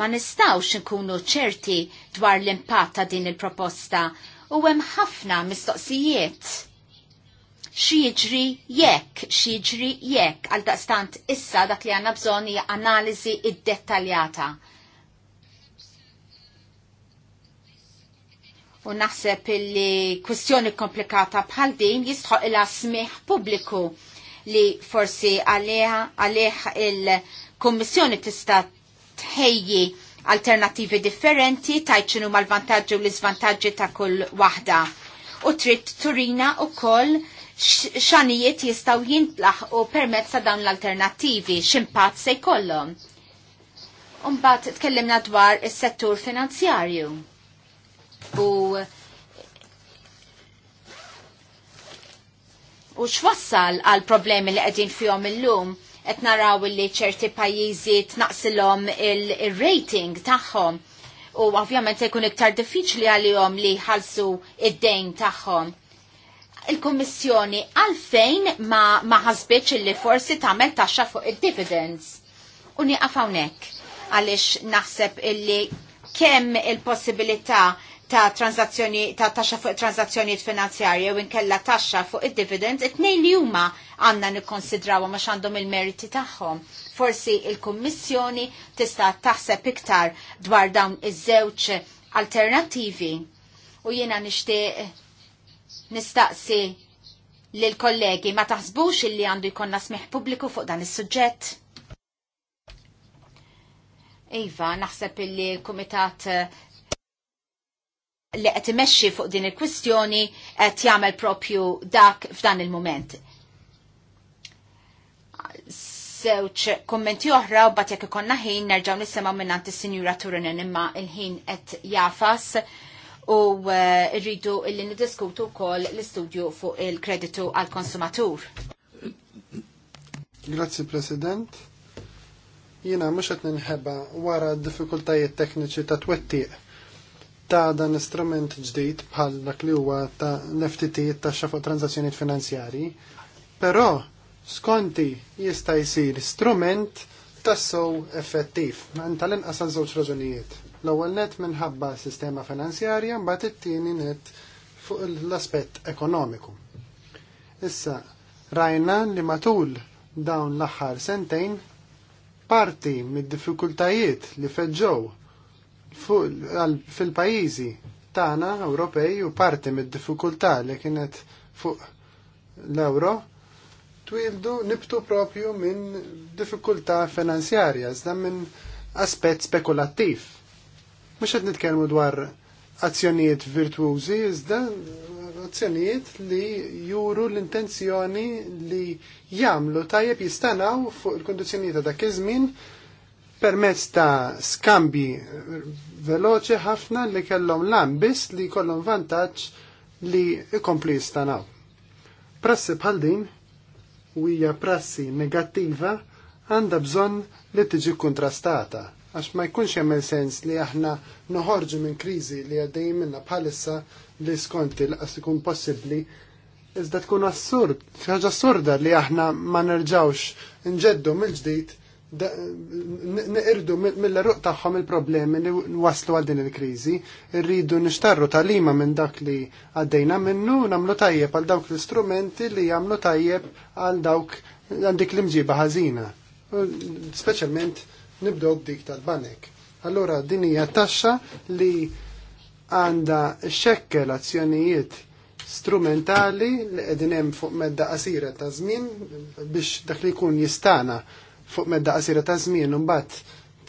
ma nistawx nkunu ċerti dwar l-impatt ta' din il-proposta u hemm ħafna mistoqsijiet. X'jiġri jekk, x'jiġri jekk, għal daqstant issa dak li għandna bżonn hija analiżi id u naħseb li kwestjoni komplikata bħal din jistħoq il smiħ pubbliku li forsi għalih il-Kommissjoni tista' tħejji alternativi differenti tajċinu mal-vantagġi u l-izvantagġi ta' kull waħda. U trid turina u koll xanijiet jistaw jintlaħ u permezz ta' dawn l-alternativi ximpat se jkollhom. Umbat tkellimna dwar is-settur finanzjarju u u x'wassal għal problemi li qegħdin fihom illum qed naraw li ċerti pajjiżi tnaqsilhom il-rating tagħhom u ovvjament se jkun iktar diffiċli għalihom li jħallsu id-dejn tagħhom. Il-Kummissjoni għalfejn ma ma ħasbitx li forsi tagħmel taxxa fuq id-dividends. U nieqaf hawnhekk għaliex naħseb illi kemm il-possibilità ta' transazzjoni ta' taxxa fuq transazzjonijiet finanzjarji u inkella taxxa fuq id-dividend, it-tnejn li huma għandna nikkonsidraw għax għandhom il-meriti tagħhom. Forsi il-Kummissjoni tista' taħseb iktar dwar dawn iż-żewġ alternattivi u jiena nixtieq nistaqsi lil kollegi ma taħsbux illi għandu jkollna smiħ pubbliku fuq dan is-suġġett. Iva, naħseb illi kumitat li qed imexxi fuq din il-kwistjoni qed jagħmel propju dak f'dan il-mument. Sewċ kommenti oħra u bat jekk ikonna ħin nerġgħu nisimgħu minnant is-Sinjura Turinen imma il-ħin qed jafas u eh, rridu illi niddiskutu wkoll l-istudju fuq il-kreditu għall konsumatur Grazzi President. Jiena mhux qed ninħeba wara d diffikultajiet tekniċi ta' twettiq ta' dan l-istrument ġdid bħal dak li huwa ta' l-FTT ta' xafu transazzjoni finanzjari, però skonti jista' jsir strument tassow effettiv, għan tal-inqas għal żewġ raġunijiet. L-ewwel net minħabba sistema finanzjarja, mbagħad it-tieni net fuq l-aspett ekonomiku. Issa, rajna li matul dawn l-aħħar sentejn parti mid-diffikultajiet li feġġew fil-pajizi tagħna Ewropej u parti mid-diffikultà li kienet fuq l-euro twildu nibtu propju minn diffikultà finanzjarja, iżda minn aspett spekulattiv. Mhux qed nitkellmu dwar azzjonijiet virtużi, iżda azzjonijiet li juru l-intenzjoni li jagħmlu tajjeb jistanaw fuq il kundizzjonijiet ta' dak iż-żmien permezz ta' skambi eh, veloċi ħafna li kellhom lan biss li jkollhom vantaġġ li ikompli jistanaw. Prassi bħal din u hija prassi negattiva għandha bżonn li tiġi kontrastata għax ma jkunx hemm sens li aħna noħorġu minn kriżi li għaddej minna bħalissa li skont laqas ikun possibbli iżda tkun assurd, ħaġa assurda li aħna ma nerġawx nġeddu mill-ġdid nirdu mill-ruq tagħhom il-problemi li waslu għal din il-kriżi, irridu nixtarru talima minn dak li għaddejna minnu nagħmlu tajjeb għal dawk l-istrumenti li jagħmlu tajjeb għal dawk għal dik l-imġiba ħażina. Speċjalment nibdew dik tal-banek. Allura din hija taxxa li għandha xekkel azzjonijiet strumentali li qegħdin hemm fuq medda qasira ta' żmien biex dak li jkun jistana fuq medda qasira ta' żmien imbagħad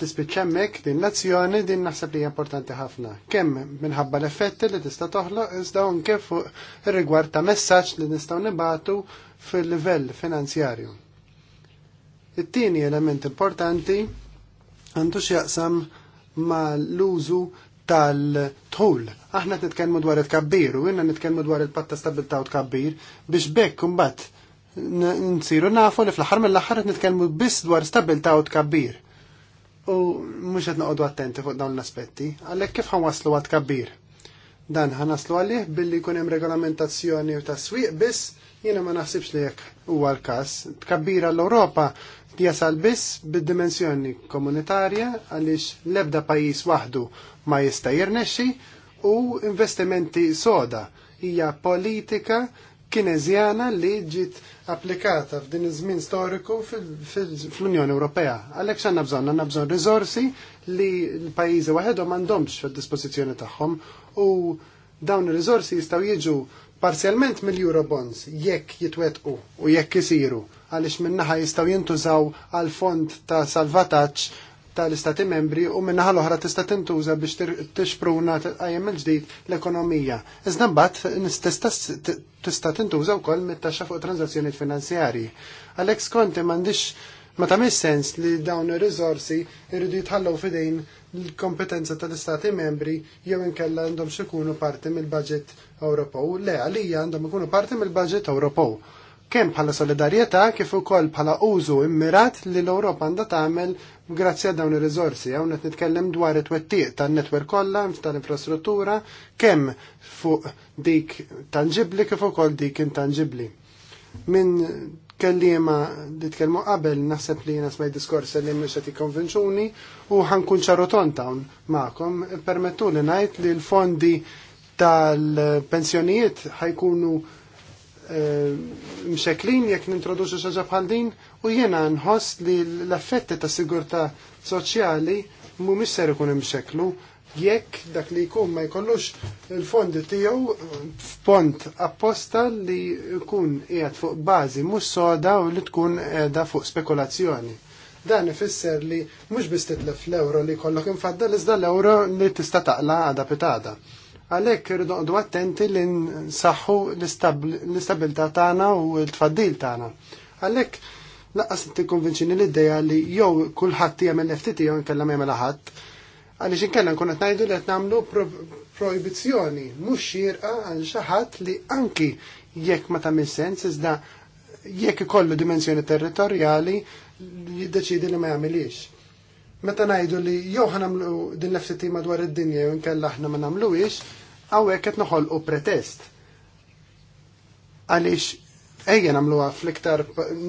tispiċċa hemmhekk din l-azzjoni din naħseb li hija importanti ħafna. Kemm minħabba l-effetti li tista' toħloq iżda anke fuq ir-rigward ta' messaġġ li nistgħu nibatu fil-livell finanzjarju. It-tieni element importanti għandu jaqsam ma' l-użu tal-tħul. Aħna nitkellmu dwar il-kabbir u inna nitkellmu dwar il-patta stabilta u tkabbir biex bekk imbagħad nsiru nafu li fl-ħar mill-ħar nitkellmu biss dwar stabilta u tkabbir. U mhux qed noqogħdu attenti fuq dawn l-aspetti, għalhekk kif waslu għat tkabbir. Dan waslu għalih billi jkun hemm regolamentazzjoni u taswiq biss jiena ma naħsibx li jekk huwa l-każ. Tkabbir għall-Ewropa jasal biss bid-dimensjoni komunitarja għaliex l-ebda pajjiż waħdu ma jista' jirnexxi u investimenti soda hija politika Kineżjana li ġiet applikata f'din iż-żmien storiku fl-Unjoni Ewropea. Għalhekk x'għandna bżonn, għandna bżonn riżorsi li l-pajjiżi waħedhom m'għandhomx fid-dispożizzjoni tagħhom u dawn ir-riżorsi jistgħu jiġu parzjalment mill-Eurobonds jekk jitwetqu u jekk isiru għaliex minnaħa jistgħu jintużaw għal fond ta' salvataġġ tal-istati membri u minnaħa l-oħra tista' tintuża biex tixpruna għajem il-ġdid l-ekonomija. Iżda mbagħad tista' tintuża wkoll mit-taxxa fuq transazzjonijiet finanzjari. Alex Conte m'għandix ma tagħmilx sens li dawn ir rizorsi jridu jitħallew fidejn l-kompetenza tal-istati membri jew inkella għandhom x'ikunu parti mill-budget Ewropew. Le, għalija għandhom ikunu parti mill-budget Ewropew. Kemm bħala solidarjetà kif ukoll bħala użu immirat li l-Ewropa għandha tagħmel grazzi għal dawn ir rizorsi hawn qed nitkellem dwar it-twettiq tan-netwerk kollha tal-infrastruttura kemm fuq dik tangibli kif ukoll dik intangibli. Min kellima ditkellmu qabel naħseb li jiena smaj diskors li mhux qed jikkonvinċuni, u ħankun ċarotont hawn magħkom permettu li ngħid li l-fondi tal-pensjonijiet ħajkunu Eh, mxeklin jekk nintroduċu xaġa bħal din u jiena nħoss li l-affetti ta' sigurtà soċjali mhumiex ser ikun imxeklu jekk dak li jkun ma jkollux il-fondi tiegħu f'pont apposta li jkun qiegħed fuq bażi mhux soda u li tkun qiegħda fuq spekulazzjoni. Dan ifisser li mhux biss titlef l-ewro li jkollok infaddal iżda l-ewro li tista' taqla għada pitada. Għalhekk rridu attenti li nsaħħu l-istabilità tagħna u l-tfaddil tagħna. Għalhekk laqqas tikkonvinċini l-idea li jew kulħadd jagħmel FTT jew nkellem jagħmel ħadd. Għaliex inkella nkun qed ngħidu li qed nagħmlu proibizzjoni mhux xierqa għal xi ħadd li anki jekk ma tagħmel sens iżda jekk ikollu dimensjoni territorjali jiddeċidi li ma jagħmilix meta ngħidu li jew ħanamlu din l-FTT madwar id-dinja jew inkella aħna ma nagħmluhiex, hawnhekk qed noħolqu pretest. Għaliex ejja nagħmluha fl-iktar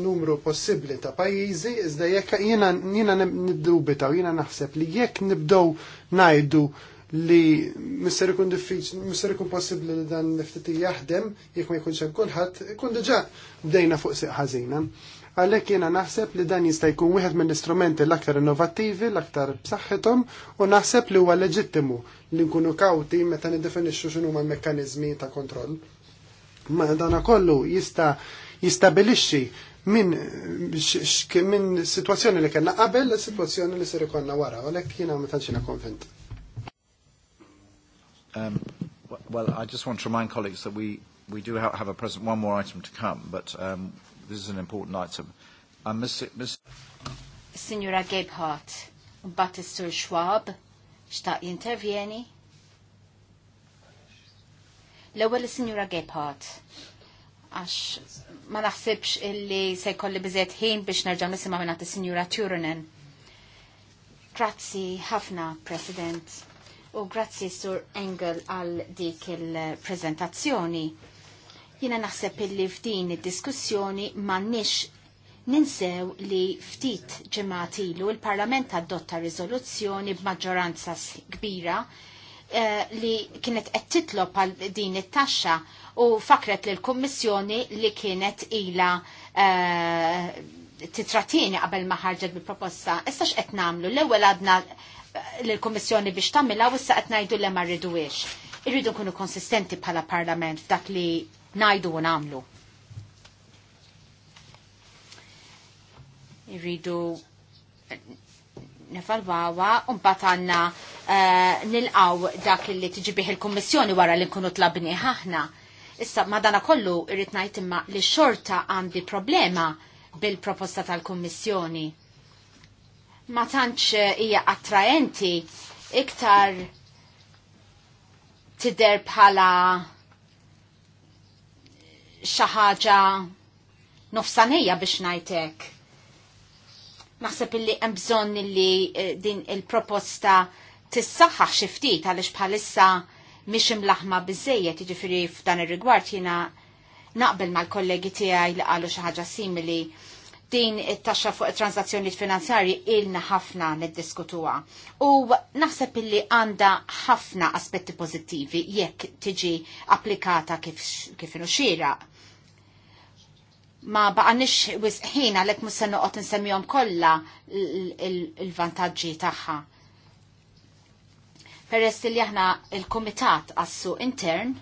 numru possibbli ta' pajjiżi, iżda jekk jiena jiena niddubita u jiena naħseb li jekk nibdew ngħidu li mister ikun diffiċ, mister ikun possibli li dan l-FTT jaħdem, jekk ma jkunx hemm kulħadd, ikun diġà bdejna fuq siq ħażina għalek jena naħseb li dan jista' jkun wieħed mill-istrumenti l-aktar innovattivi, l-aktar b'saħħithom u naħseb li huwa leġittimu li nkunu kawti meta niddefinixxu x'inhu ma mekkaniżmi ta' kontroll. Ma dan kollu jista' jistabilixxi minn min situazzjoni li kellna qabel l situazzjoni li ser ikonna wara, għalhekk jiena ma tantx konvint. Um, well, I just want to remind colleagues that we, we do have a present one more item to come, but um, this is an important item. And uh, Ms. Ms. Signora Gebhardt, Battistur Schwab, xtaq jintervjeni? l ewel signora Gebhardt għax ma naħsibx illi se kolli bizet ħin biex nerġan nisima minn is-Sinjura Turunen. Grazzi ħafna, President, u grazzi Sur Engel għal dik il-preżentazzjoni Jina naħseb illi f'din id-diskussjoni m'għandniex ninsew li ftit ġematilu il-Parlament adotta rizoluzzjoni b'maġġoranza kbira eh, li kienet qed titlob għal din it-taxxa u fakret l kummissjoni li kienet ila eh, titratini qabel ma ħarġet bil-proposta. Issa x'qed nagħmlu? L-ewwel għadna lill-Kummissjoni eh, biex tagħmilha u issa qed ngħidu li ma rridux. Irridu nkunu konsistenti bħala Parlament f'dak li najdu u namlu. Irridu nefalwawa un batanna uh, eh, nil-għaw dak li tiġibih il-kommissjoni wara li nkunu tlabni ħahna. Issa madana kollu irrit najt imma li xorta għandi problema bil-proposta tal-kommissjoni. Ma tantx eh, hija attraenti iktar tider bħala xaħġa ħaġa nofsanija biex najtek. Naħseb illi hemm bżonn illi eh, din il-proposta tissaħħa xi ftit għaliex bħalissa mhix imlaħma biżejjed, jiġifieri f'dan ir-rigward jiena naqbel mal-kollegi tiegħi li qalu xi ħaġa simili din it-taxxa fuq it-transazzjonijiet finanzjarji ilna ħafna niddiskutuha. U naħseb illi għandha ħafna aspetti pożittivi jekk tiġi applikata kif, kif xiera ma nix wisħin għalek musen nuqot nsemmijom kolla il-vantagġi taħħa. Peress li aħna il-komitat għassu intern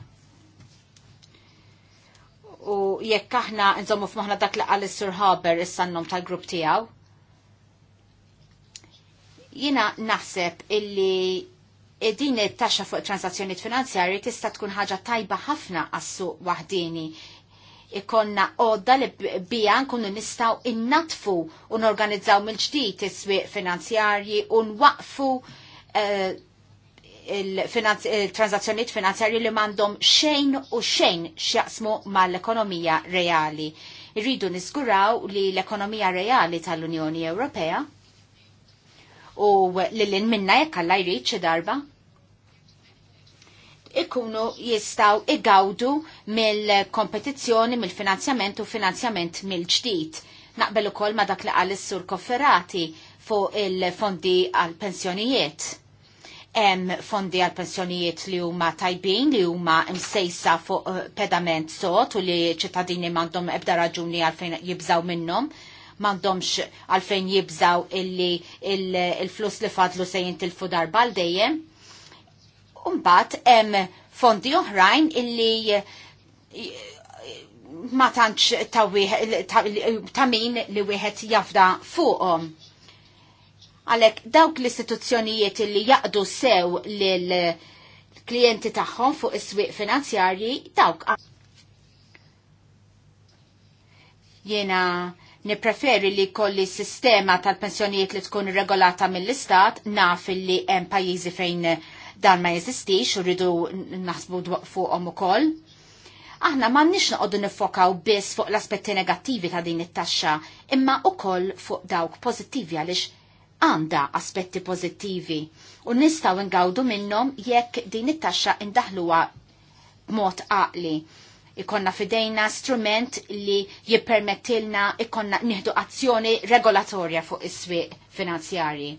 u jekk aħna nżommu f'moħna dak li għal sur Haber is-sannom tal-grupp tiegħu. Jiena naħseb illi din it-taxxa fuq transazzjoni finanzjarji tista' tkun ħaġa tajba ħafna għassu waħdini ikonna odda li bijan nkunu nistaw innatfu u norganizzaw mill-ġdid is-swieq finanzjarji u nwaqfu eh, il-transazzjoniet finanzjarji li mandom xejn u xejn xjaqsmu mal-ekonomija reali. Irridu nisguraw li l-ekonomija reali tal-Unjoni Ewropea u l-lin minna jekk alla jrid xi darba ikunu jistaw igawdu mill-kompetizzjoni, mill-finanzjament u finanzjament mill-ġdid. Naqbel ukoll ma dak li għal sur kofferati fuq il-fondi għal-pensjonijiet. fondi għal-pensjonijiet li huma tajbin, li huma msejsa fuq eh, pedament sot u li ċittadini m'għandhom ebda raġuni għalfejn jibżaw minnhom mandomx għalfejn jibżaw illi il-flus li fadlu se jintilfu darba l dejjem Umbat hemm fondi oħrajn illi ma tantx ta' min li wieħed jafda fuqhom. Għalek dawk l-istituzzjonijiet li jaqdu sew lil klijenti tagħhom fuq is-swieq finanzjarji dawk jena nipreferi li kolli sistema tal-pensjonijiet li tkun regolata mill-istat naf li hemm pajjiżi fejn Dan ma jeżistix u rridu naħsbu fuqhom ukoll. Aħna ma nix noqogħdu nifokaw biss fuq l-aspetti negattivi ta' din it-taxxa, imma ukoll fuq dawk pożittivi għaliex għanda aspetti pożittivi u nistgħu ngawdu minnhom jekk din it-taxxa indaħluha b'mod għaqli ikonna fidejna strument li jippermettilna ikonna nieħdu azzjoni regolatorja fuq is-swieq finanzjari.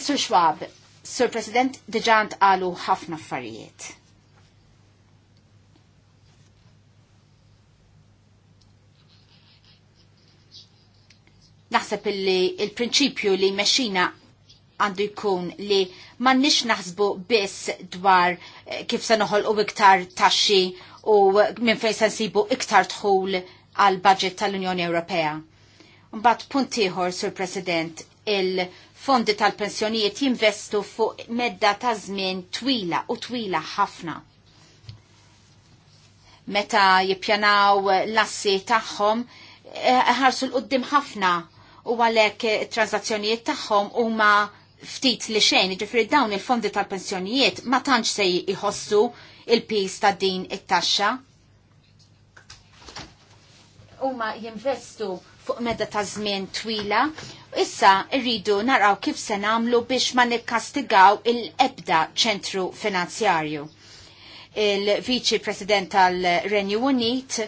Issu xwab, Sur President, diġant għalu ħafna affarijiet. Naħseb illi il-prinċipju li meċina għandu jkun li ma nix naħsbu biss dwar eh, kif se noħol u iktar taxxi u minn fejn se nsibu iktar tħul għal budget tal-Unjoni Ewropea. Mbagħad punt ieħor, Sur President, il- fondi tal-pensjonijiet jinvestu fuq medda ta' żmien twila u twila ħafna. Meta jippjanaw l-assi tagħhom eh, ħarsu l-qoddim ħafna u għalhekk transazzjonijiet tagħhom huma ftit li xejn, ġifri dawn il-fondi tal-pensjonijiet ma tantx se jħossu il-pis ta' din it-taxxa. Huma jinvestu fuq medda ta' żmien twila Issa rridu naraw kif se nagħmlu biex ma nikkastigaw il-ebda ċentru finanzjarju. Il-Viċi President tal-Renju Unit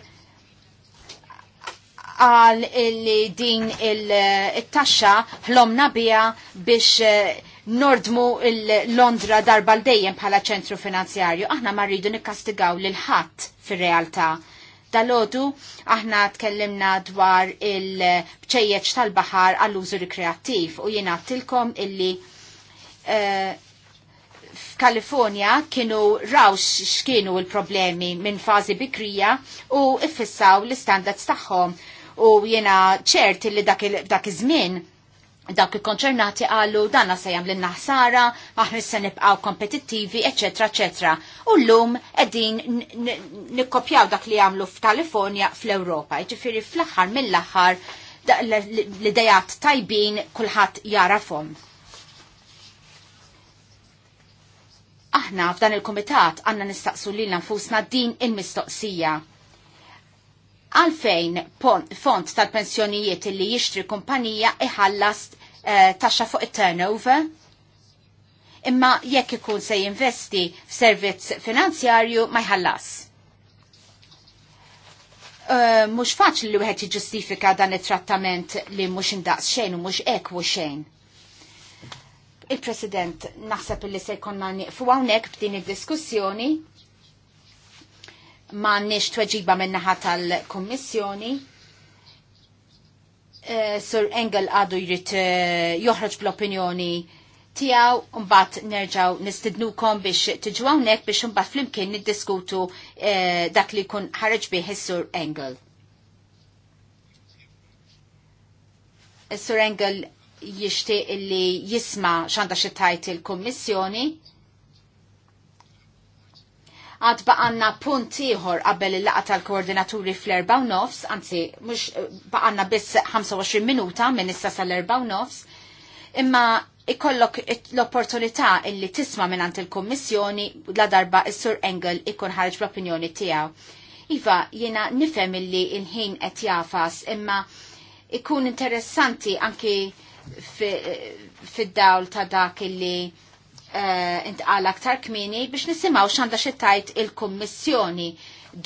għal li din il-taxxa ħlomna bija biex eh, nordmu l-Londra darba bħala ċentru finanzjarju. Aħna ma rridu nikkastigaw lil ħadd fir-realtà Dalodu aħna tkellimna dwar il-bċejjeċ tal-bahar għall-użu rikreattiv u jena tilkom illi eh, f'Kalifornja kienu rawx x'kienu l-problemi minn fażi bikrija u iffissaw l-istandards tagħhom u jena ċert li dak iż-żmien dawk il-konċernati għallu danna se jam l-naħsara, aħna se nibqaw kompetittivi, ecc. ecc. U l-lum edin nikkopjaw dak li għamlu f'Kalifornja fl-Europa. Ġifiri fl-axar mill-axar l-idejat tajbin kullħat fom. Aħna f'dan il-komitat għanna nistaqsu li l-nfusna din il-mistoqsija Għalfejn font tal-pensjonijiet li jixtri kumpanija iħallas eh, taxxa fuq it-turnover? Imma jekk ikun se jinvesti f'servizz finanzjarju ma jħallas. Uh, eh, mux faċli li wieħed jiġġustifika dan it-trattament li mhux indaqs xejn u mhux ekwu xejn. Il-President naħseb li se jkollna niqfu hawnhekk b'din id-diskussjoni ma nix tweġiba naħa tal-Kommissjoni. Uh, eh, Sur Engel għadu jrid uh, joħroġ bl-opinjoni tijaw mbagħad nerġaw nistidnukom biex tiġu hawnhekk biex mbagħad flimkien niddiskutu uh, dak li jkun ħareġ bih is-Sur Engel. sur Engel jixtieq illi jisma x'għandha xi tajt il-Kummissjoni għad baqanna punt ieħor qabel il-laqa tal-koordinaturi fl 4 nofs, anzi mhux eh, baqanna biss 25 minuta minn issa sal 4 nofs, imma ikollok l-opportunità illi tisma' minn il-Kummissjoni la darba il sur Engel ikun ħarġ bl-opinjoni tiegħu. Iva, jiena nifhem illi il-ħin qed jafas, imma ikun interessanti anki eh, fid-dawl ta' dak illi Eh, intqal aktar kmini biex nisimaw xanda xittajt il-Kommissjoni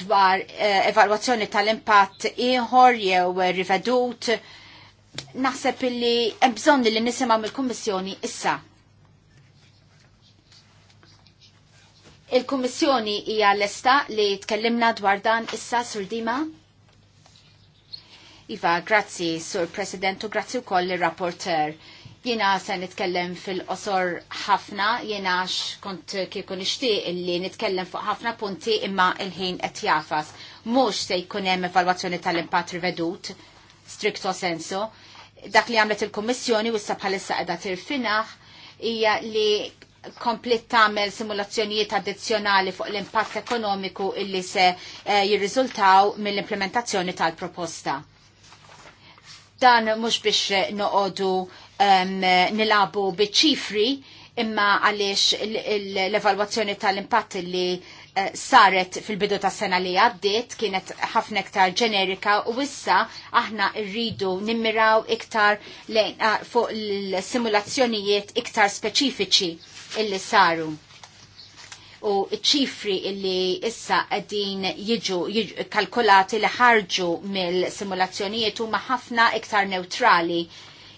dwar eh, evalwazzjoni tal-impatt ieħor jew rivedut. Naħseb illi hemm bżonn li nisimgħu mill-Kummissjoni issa. Il-Kummissjoni hija lesta li tkellimna dwar dan issa sur Dima. Iva, grazzi, Sur President, u grazzi wkoll ir rapporter Jena se nitkellem fil-qosor ħafna, jena kont kieku nixtieq illi nitkellem fuq ħafna punti imma il-ħin qed jafas. Mhux se jkun hemm evalwazzjoni tal-impatt rivedut, stricto sensu. Dak li għamlet il-Kummissjoni wissa bħalissa qiegħda tirfinaħ hija li komplet tagħmel simulazzjonijiet addizzjonali fuq l-impatt ekonomiku illi se eh, jirriżultaw mill-implementazzjoni tal-proposta. Dan mhux biex noqogħdu um, nilabu bieċifri imma għaliex l-evalwazzjoni tal-impatt li uh, saret fil-bidu ta' sena li għaddit kienet ħafna iktar ġenerika u issa aħna rridu nimmiraw iktar uh, fuq l-simulazzjonijiet iktar speċifiċi illi saru u ċifri illi issa għedin jiġu, kalkulati li ħarġu mill-simulazzjonijiet huma ħafna iktar neutrali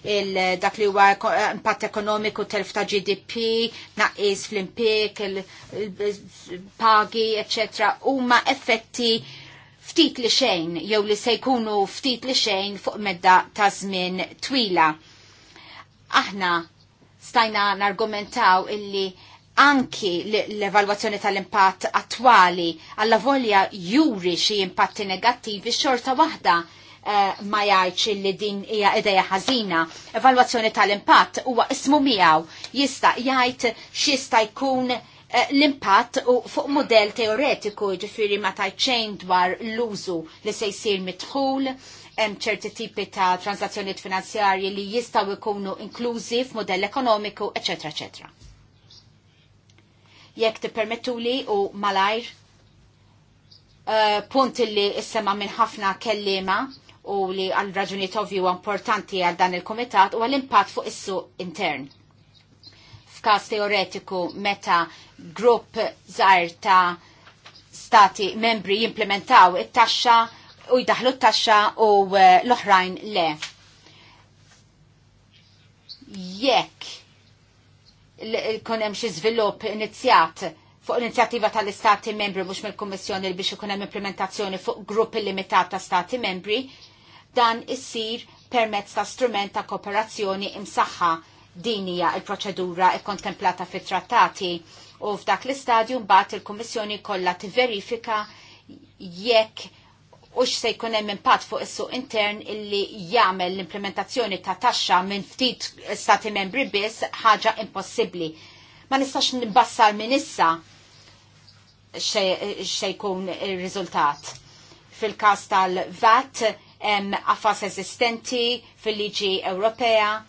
dak li huwa impatt ekonomiku telf ta' GDP, naqis fl-impik, il-pagi, eccetera, huma effetti ftit li xejn jew li se jkunu ftit li xejn fuq medda ta' żmien twila. Aħna stajna nargumentaw illi anki l-evalwazzjoni tal-impatt attwali għalla volja juri xi impatti negattivi xorta waħda Eh, ma jgħidx li din hija ideja ħażina. Evalwazzjoni tal-impatt huwa ismu miegħu jista' jgħid x'jista' jkun eh, l-impatt u fuq modell teoretiku ġifiri ma tajċejn dwar l-użu li se jsir mitħul, hemm ċerti tipi ta' transazzjonijiet finanzjarji li jistgħu jkunu inklużi f'modell ekonomiku, eċetera, eċetra. Jekk tippermettuli u malajr uh, punt li issema minn ħafna kellima u li għal raġunijiet tovju importanti għal dan il-komitat u għall-impatt fuq is-suq intern. F'każ teoretiku meta grupp żgħar ta' stati membri jimplementaw it-taxxa u jdaħlu t-taxxa u eh, l-oħrajn le. Jekk kun hemm xi żvilupp inizjat fuq l-inizjattiva tal-istati membri mhux mill-Kummissjoni biex ikun hemm implementazzjoni fuq grupp illimitat ta' stati membri, dan issir permezz ta' strument ta' kooperazzjoni imsaħħa dinija il-proċedura ikkontemplata fit trattati u f'dak l-istadju mbagħad il-Kummissjoni kollha tiverifika jekk u se jkun hemm impatt fuq is-suq intern illi jagħmel l-implementazzjoni ta' taxxa minn ftit stati membri biss ħaġa impossibbli. Ma nistax nbassar minn issa xejn il ir-riżultat. Fil-każ tal-VAT affas eżistenti fil-liġi Ewropea.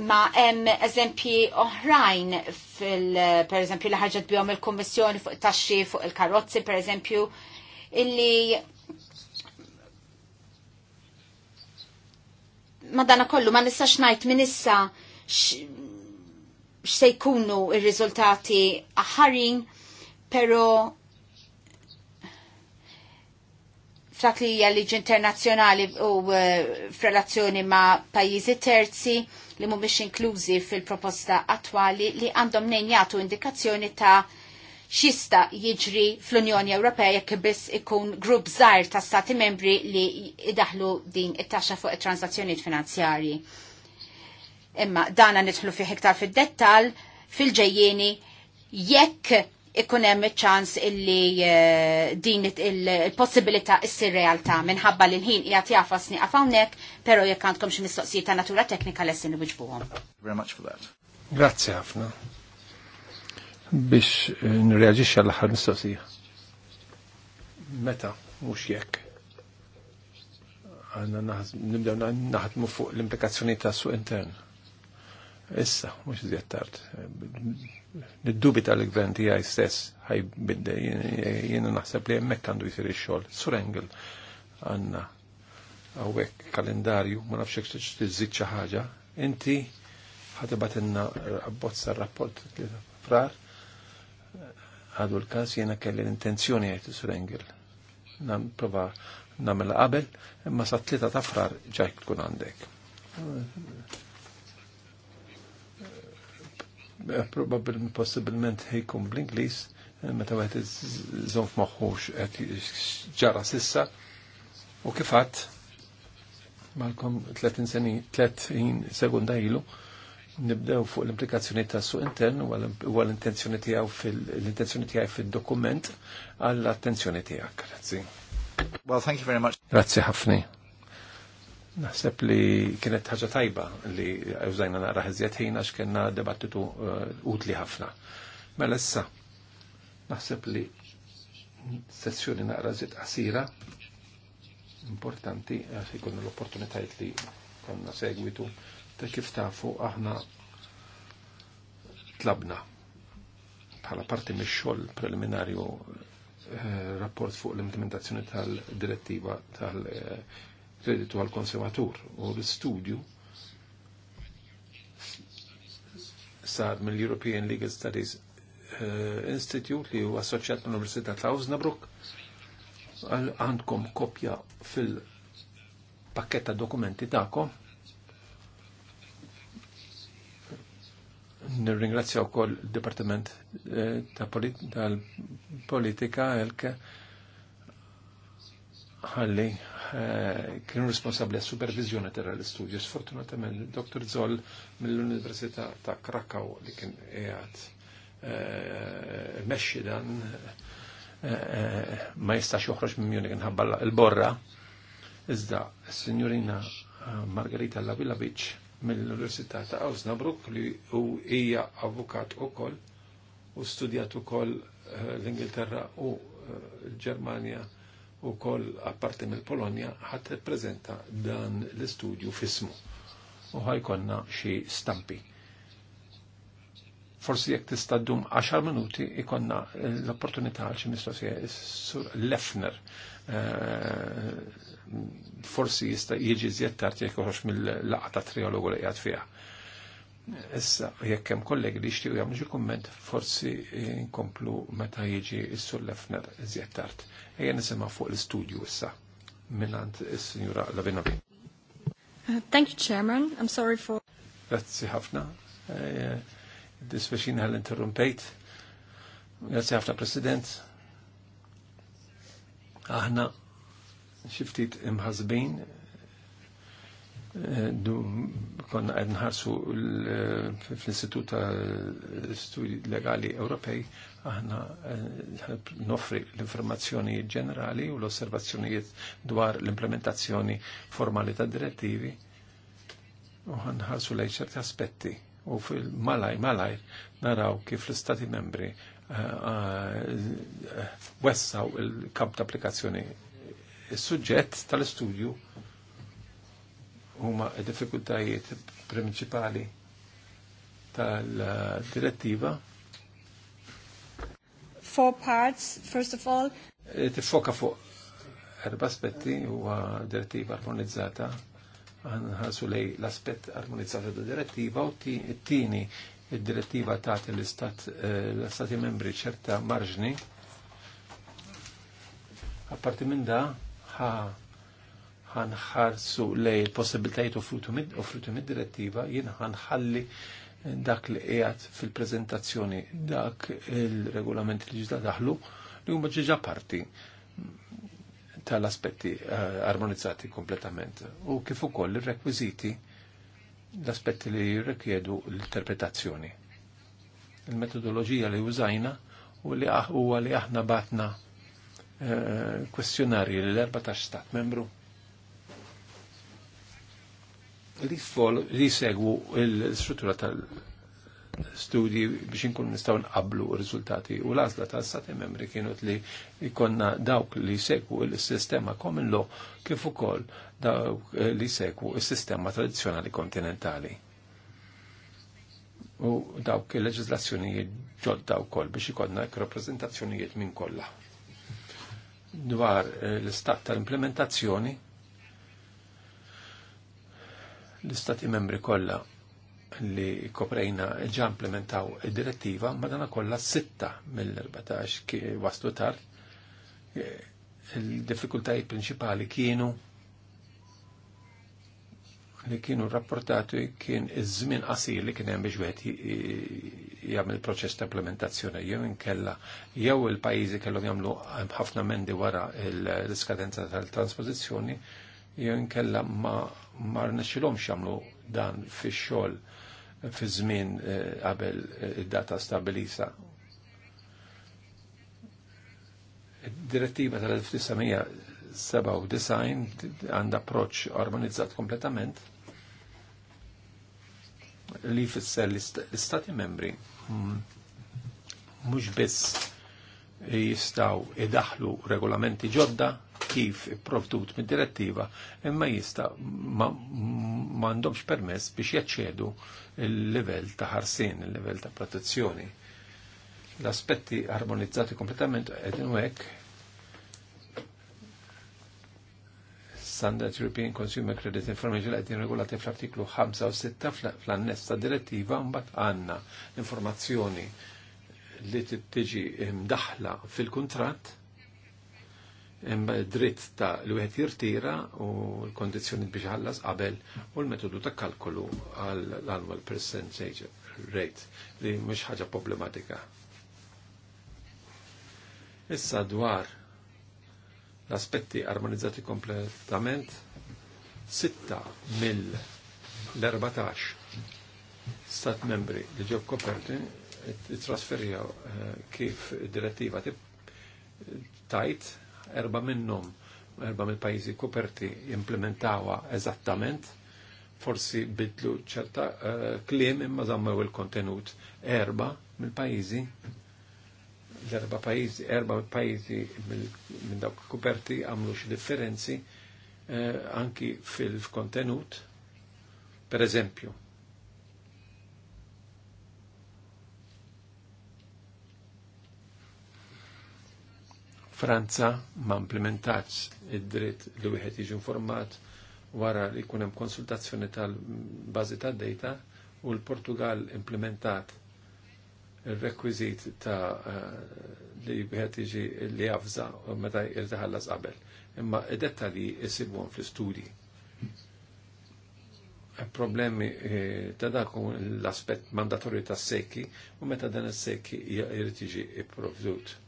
Ma hemm eżempji oħrajn fil per eżempju li ħarġet bihom il-Kummissjoni fuq taxxi fuq il-karozzi per eżempju illi dana kollu ma nistax ngħid minn issa x'se jkunu r-riżultati aħħarin pero f'dak li hija liġi internazzjonali u eh, f'relazzjoni ma' pajjiżi terzi li mhumiex inklużi fil-proposta attwali li għandhom nejn jagħtu indikazzjoni ta' xista jiġri fl-Unjoni Ewropea jekk biss ikun grupp żgħar ta' stati membri li idaħlu din it-taxxa fuq it-transazzjonijiet finanzjarji. Imma dana nidħlu fih iktar fid-dettall fil-ġejjieni jekk ikun hemm iċ ċans illi eh, din il-possibilità issir realtà minħabba li l-ħin qiegħed jafas nieqaf hawnhekk, però jekk għandkom xi mistoqsijiet ta' natura teknika lest niwiġbuhom. Very much for that. Grazzi ħafna. Biex eh, nreaġixxa l-aħħar mistoqsija. Meta mhux jekk. Għanna nibdew naħdmu fuq l-implikazzjoni ta' suq intern. Issa, mhux iżjed tard niddubita l-gvern għaj stess għaj bidde, jiena naħseb li hemmhekk għandu jisir ix-xogħol. Surengel għandna hawnhekk kalendarju ma nafxek hekk tiżid xi ħaġa. Inti ħatibatilna abbozza r-rapport frar għadu l kas jiena kelli l-intenzjoni għajt Surengil. Nam Prova namela qabel, imma sa tlita ta' frar ġajk tkun għandek. Eh, possibilment hejkum bl-Inglis eh, meta għet zon maħħux għet ġara sissa u kifat malkom 30 seni 30 sekunda ilu nibdew fuq l-implikazzjoni ta' suq intern u għal-intenzjoni tijaw fil-intenzjoni tijaw fil-dokument għall-attenzjoni tijak. Grazie. Well, thank you very much. Grazzi Hafni. Naħseb li kienet ħaġa tajba li użajna naqra ħizjet ħin għax debattitu uh, utli ħafna. Mela issa, naħseb li sessjoni naqra zid qasira importanti għax ikun l-opportunitajiet li konna segwitu ta' kif tafu aħna tlabna bħala parti mix-xogħol preliminarju eh, rapport fuq l-implementazzjoni tal-direttiva -direttiva, tal eh, kreditu għal konservatur u l-studju sar mill-European Legal Studies uh, Institute li u assoċjat mill università ta' Osnabruk għandkom kopja fil-pakketta dokumenti ta'kom Nirringrazzja u koll il-Departiment eh, tal-Politika, elke għalli Eh, kienu responsabli għas supervizjoni tera l-istudju. Sfortunatament, dr. Zoll mill-Università ta' Krakow li kien qiegħed eh, meċi dan eh, ma jistax joħroġ minn Munich nħabba l-borra. Iżda, signorina Margarita Lavilavic mill-Università ta' Osnabrück li u hija avukat ukoll u studjat ukoll l-Ingilterra u l-Ġermanja u kol apparti mill-Polonja ħat prezenta dan l-istudju fismu. U ħajkonna xi stampi. Forsi jekk tista' ddum 10 minuti ikonna l-opportunità għal xi mistoqsija sur Lefner. Eh, forsi jista' jiġi żjed tard jekk mill laqta triologu li qiegħed fiha. Issa, jekk hemm kollegi li xtiju jagħmlu komment, forsi nkomplu meta jieġi s-sur Lefner iżjed tard. Ejja nisimgħu fuq l studio issa minant is-Sinjura Lavinovi. Uh, thank you, Chairman. I'm sorry for... Grazzi ħafna. Eh, Disfeċin għal interrumpejt. Grazzi ħafna, President. Aħna xiftit imħazbin konna għed nħarsu fl-Istitut ta' Studi Legali Ewropej, aħna eh, noffri l-informazzjoni ġenerali u l-osservazzjonijiet dwar l-implementazzjoni formali ta' direttivi u ħanħarsu lej ċerti aspetti u fil-malaj, malaj, naraw kif l-Stati membri eh, eh, wessaw il-kamp ta' applikazzjoni. il suġġett tal-istudju huma diffikultajiet prinċipali tal-direttiva. Four parts, first of all. E, tifoka fuq erba aspetti huwa direttiva armonizzata għanħasu lej l aspet armonizzata ta' direttiva u t-tini id-direttiva ta' l-Stati e, istat l membri ċerta marġni. Apparti minn da, ħa ħanħarsu lej il-possibilitajiet offrutu mid-direttiva jien ħanħalli dak li qiegħed fil prezentazzjoni dak il-regolament li ġiġda daħlu li huma ġiġa parti tal-aspetti eh, armonizzati kompletament u kif ukoll ir-rekwiżiti l-aspetti li jirrikjedu l-interpretazzjoni. Il-metodoloġija li użajna u li huwa li aħna batna eh, kwestjonarji l-14 stat membru li li segwu l-struttura tal-studji biex nkun nistaw nqablu r-riżultati u l-għazla tal sati membri kienu li ikonna dawk li segwu l-sistema common law kif ukoll dawk li segwu l-sistema tradizjonali kontinentali u dawk il-leġizlazzjonijiet ġodda wkoll biex ikollna rappreżentazzjonijiet minn kollha. Dwar eh, l-istat tal-implementazzjoni l-istati membri kollha li koprejna ġa implementaw id-direttiva, ma dana kollha sitta mill-14 waslu tard. Il-diffikultajiet prinċipali kienu li kienu rapportati kien iż-żmien qasir li kien hemm biex wieħed jagħmel proċess ta' implementazzjoni jew inkella jew il-pajjiżi kellhom jagħmlu ħafna mendi wara l-iskadenza tal-transpożizzjoni jew kella ma xilom xamlu dan fix-xogħol fi żmien eh, qabel eh, id-data stabilisa. Id-direttiva tal-1997 għandha approċċ armonizzat kompletament li fisser l-istati membri mm, mhux biss jistaw idaħlu regolamenti ġodda kif provdut mid-direttiva imma jista m'għandhomx għandhomx permess biex jaċċedu il-livell ta' ħarsien, il-livell ta' protezzjoni. L-aspetti armonizzati kompletament qegħdin hekk Standard European Consumer Credit Information li qegħdin regolati fl-artiklu 5 u 6 fl-annes direttiva mbagħad għandna informazzjoni li tiġi mdaħla fil-kuntratt imma dritt ta' li wieħed jirtira u l-kondizzjoni biex ħallas qabel u l-metodu ta' kalkolu għall-annual percentage rate li mhux ħaġa problematika. Issa dwar l-aspetti armonizzati kompletament sitta mill l-14 stat membri li ġob koperti trasferjaw eh, kif direttiva tajt erba minnhom erba mill pajjiżi koperti implementawa eżattament, forsi bidlu ċerta eh, kliem imma zammew il-kontenut. Erba mill pajjiżi l-erba pajjiżi, erba pajizi minn dawk koperti għamlu differenzi eh, anki fil-kontenut. Per eżempju, Franza ma implementax id-dritt li wieħed jiġi informat wara li jkun hemm konsultazzjoni tal-bażi tad-data u l-Portugal implementat il-rekwizit ta' eh, li wieħed jiġi li jafza meta jirtaħallas qabel. Imma id-dettalji jisibuhom fl-istudji. Problemi eh, ta' daku l-aspett mandatorju ta' sekki u meta dan is-sekki jrid jiġi ipprovdut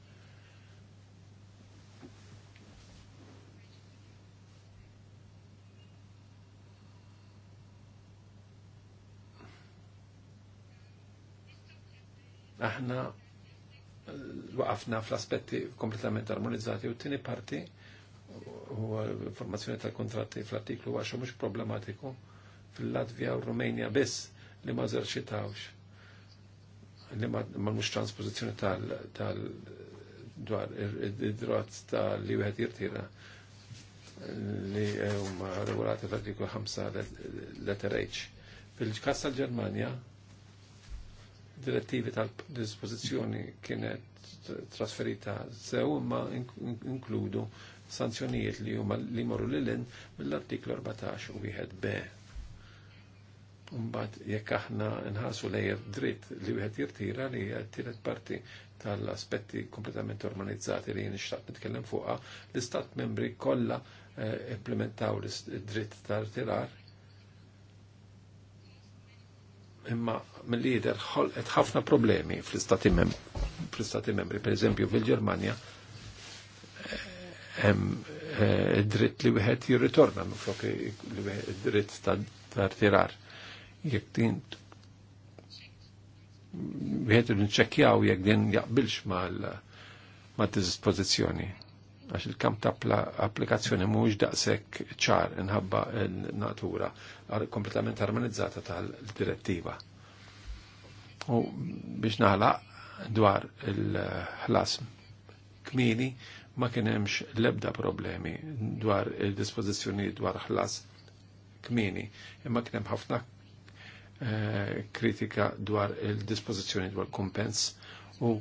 Aħna eh, waqafna fl-aspetti kompletament armonizzati u t-tini parti u l-formazzjoni tal-kontratti fl-artiklu 10 mux problematiku fil-Latvija u Rumenja biss li ma zerċitawx li ma mux transpozizjoni tal dwar id-drat tal li wieħed jirtira li huma regolati fl-artiklu 5 letter H. Fil-kas tal-Ġermanja direttivi tal-dispozizjoni kienet trasferita sew ma inkludu sanzjonijiet li huma li morru lilin mill-artiklu 14 u wieħed B. Mbagħad jekk aħna nħasu lejer dritt li wieħed jirtira li hija tielet parti tal-aspetti kompletament ormanizzati li nixtaq nitkellem fuqha, l-istat membri kollha eh, implementaw dritt tal-tirar imma mill-lider ħolqet ħafna problemi fl-istati fl-istati membri, per eżempju fil-Ġermanja eh, hemm eh, dritt li wieħed jirritorna minflok li wieħed dritt ta' tirar Jekk din wieħed nċekkjaw jekk din jaqbilx ma' dispożizzjoni għax il-kamp ta' applikazzjoni mhux daqshekk ċar inħabba l-natura kompletament armonizzata tal-direttiva. U biex naħlaq dwar il-ħlas kmini ma kien hemmx l-ebda problemi dwar il-dispożizzjoni dwar ħlas kmini, imma kien hemm ħafna eh, kritika dwar il-dispożizzjoni dwar kompens u